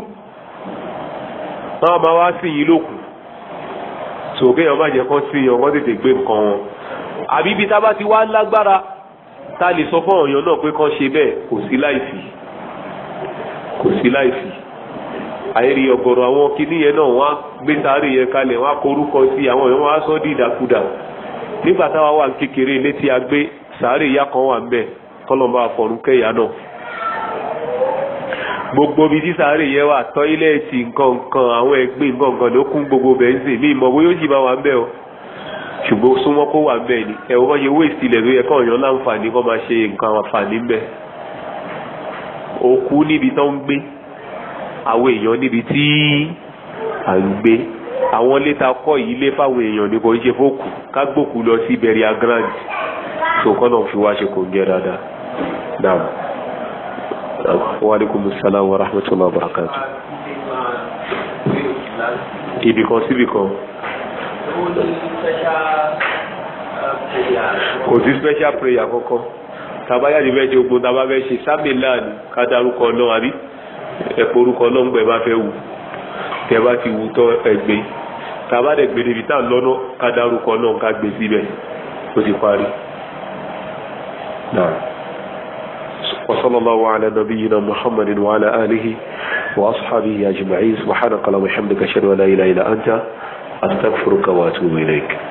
máa máa wá sí yìí lókun so kéèyàn má jẹ́ kán sí yàn wọ́n tètè gbé nǹkan wọn àbí ibi tá a bá ti wá lágbára tá a lè sọ fún ọ̀yàn náà pé kán ṣe bẹ́ẹ̀ kò sí láìsí kò sí láìsí àìrí ọ̀gọ̀rọ̀ àwọn kinní yẹn náà wọ́n á gbé sáré yẹn kalẹ̀ wọ́n á korúkọ sí àwọn èèyàn wọ́n á sọ di ìdàkudà nígbà táwa wà kékeré ilé tí a gbé sáré ìyá kan wà ńbẹ̀ kọlọmọ àfọrúkẹyà náà gbogbo bíi tí sáré yẹn wà tọ́ílẹ̀tì nǹkan nǹkan àwọn ẹgbẹ́ nǹkan nǹkan ló kún gbogbo bẹ́ńsì ní ìmọ̀ bóyá ó sì máa wà ńbẹ̀ o ṣùgbọ́n súnmọ́ kó wà bẹ́ẹ̀ ni ẹ̀wọ́n bá ṣe wéèsì ilẹ̀ tó yẹ kọ́ ọ̀yàn láǹfààní kọ́ máa ṣe nǹkan àǹfààní bẹ́ẹ̀ òkú níbi tó ń gbé àwọn èèyàn níbi tí à ń gbé àwọn ilé ta kọ́ yìí lé fáwọn èèyàn ní kò ń ṣe fóòkù ká gbòkú lọ sí bẹ̀rẹ̀ grand tó kọ́ náà fi wá ṣe kò ń gẹ́ dáadáa naam wa aleykum salaam wa rahmatulah wa barakatu ibìkan síbìkan kò sí special prayer kankan tabayáde fẹ́ ṣe ogun taba fẹ́ ṣe sábẹ̀ láàánú ká dárúkọ náà àbí ẹ̀pọ̀ orúkọ náà ń gbẹ̀ bá fẹ́ wù tẹ́ bá ti wù tán ẹgbẹ́ taba dẹ̀ níbi tá lọ́nà ká dárúkọ náà ká gbé síbẹ̀ ó ti parí. وصلى الله على نبينا محمد وعلى آله وأصحابه أجمعين سبحانك اللهم وبحمدك أشهد أن لا إله إلا أنت أستغفرك وأتوب إليك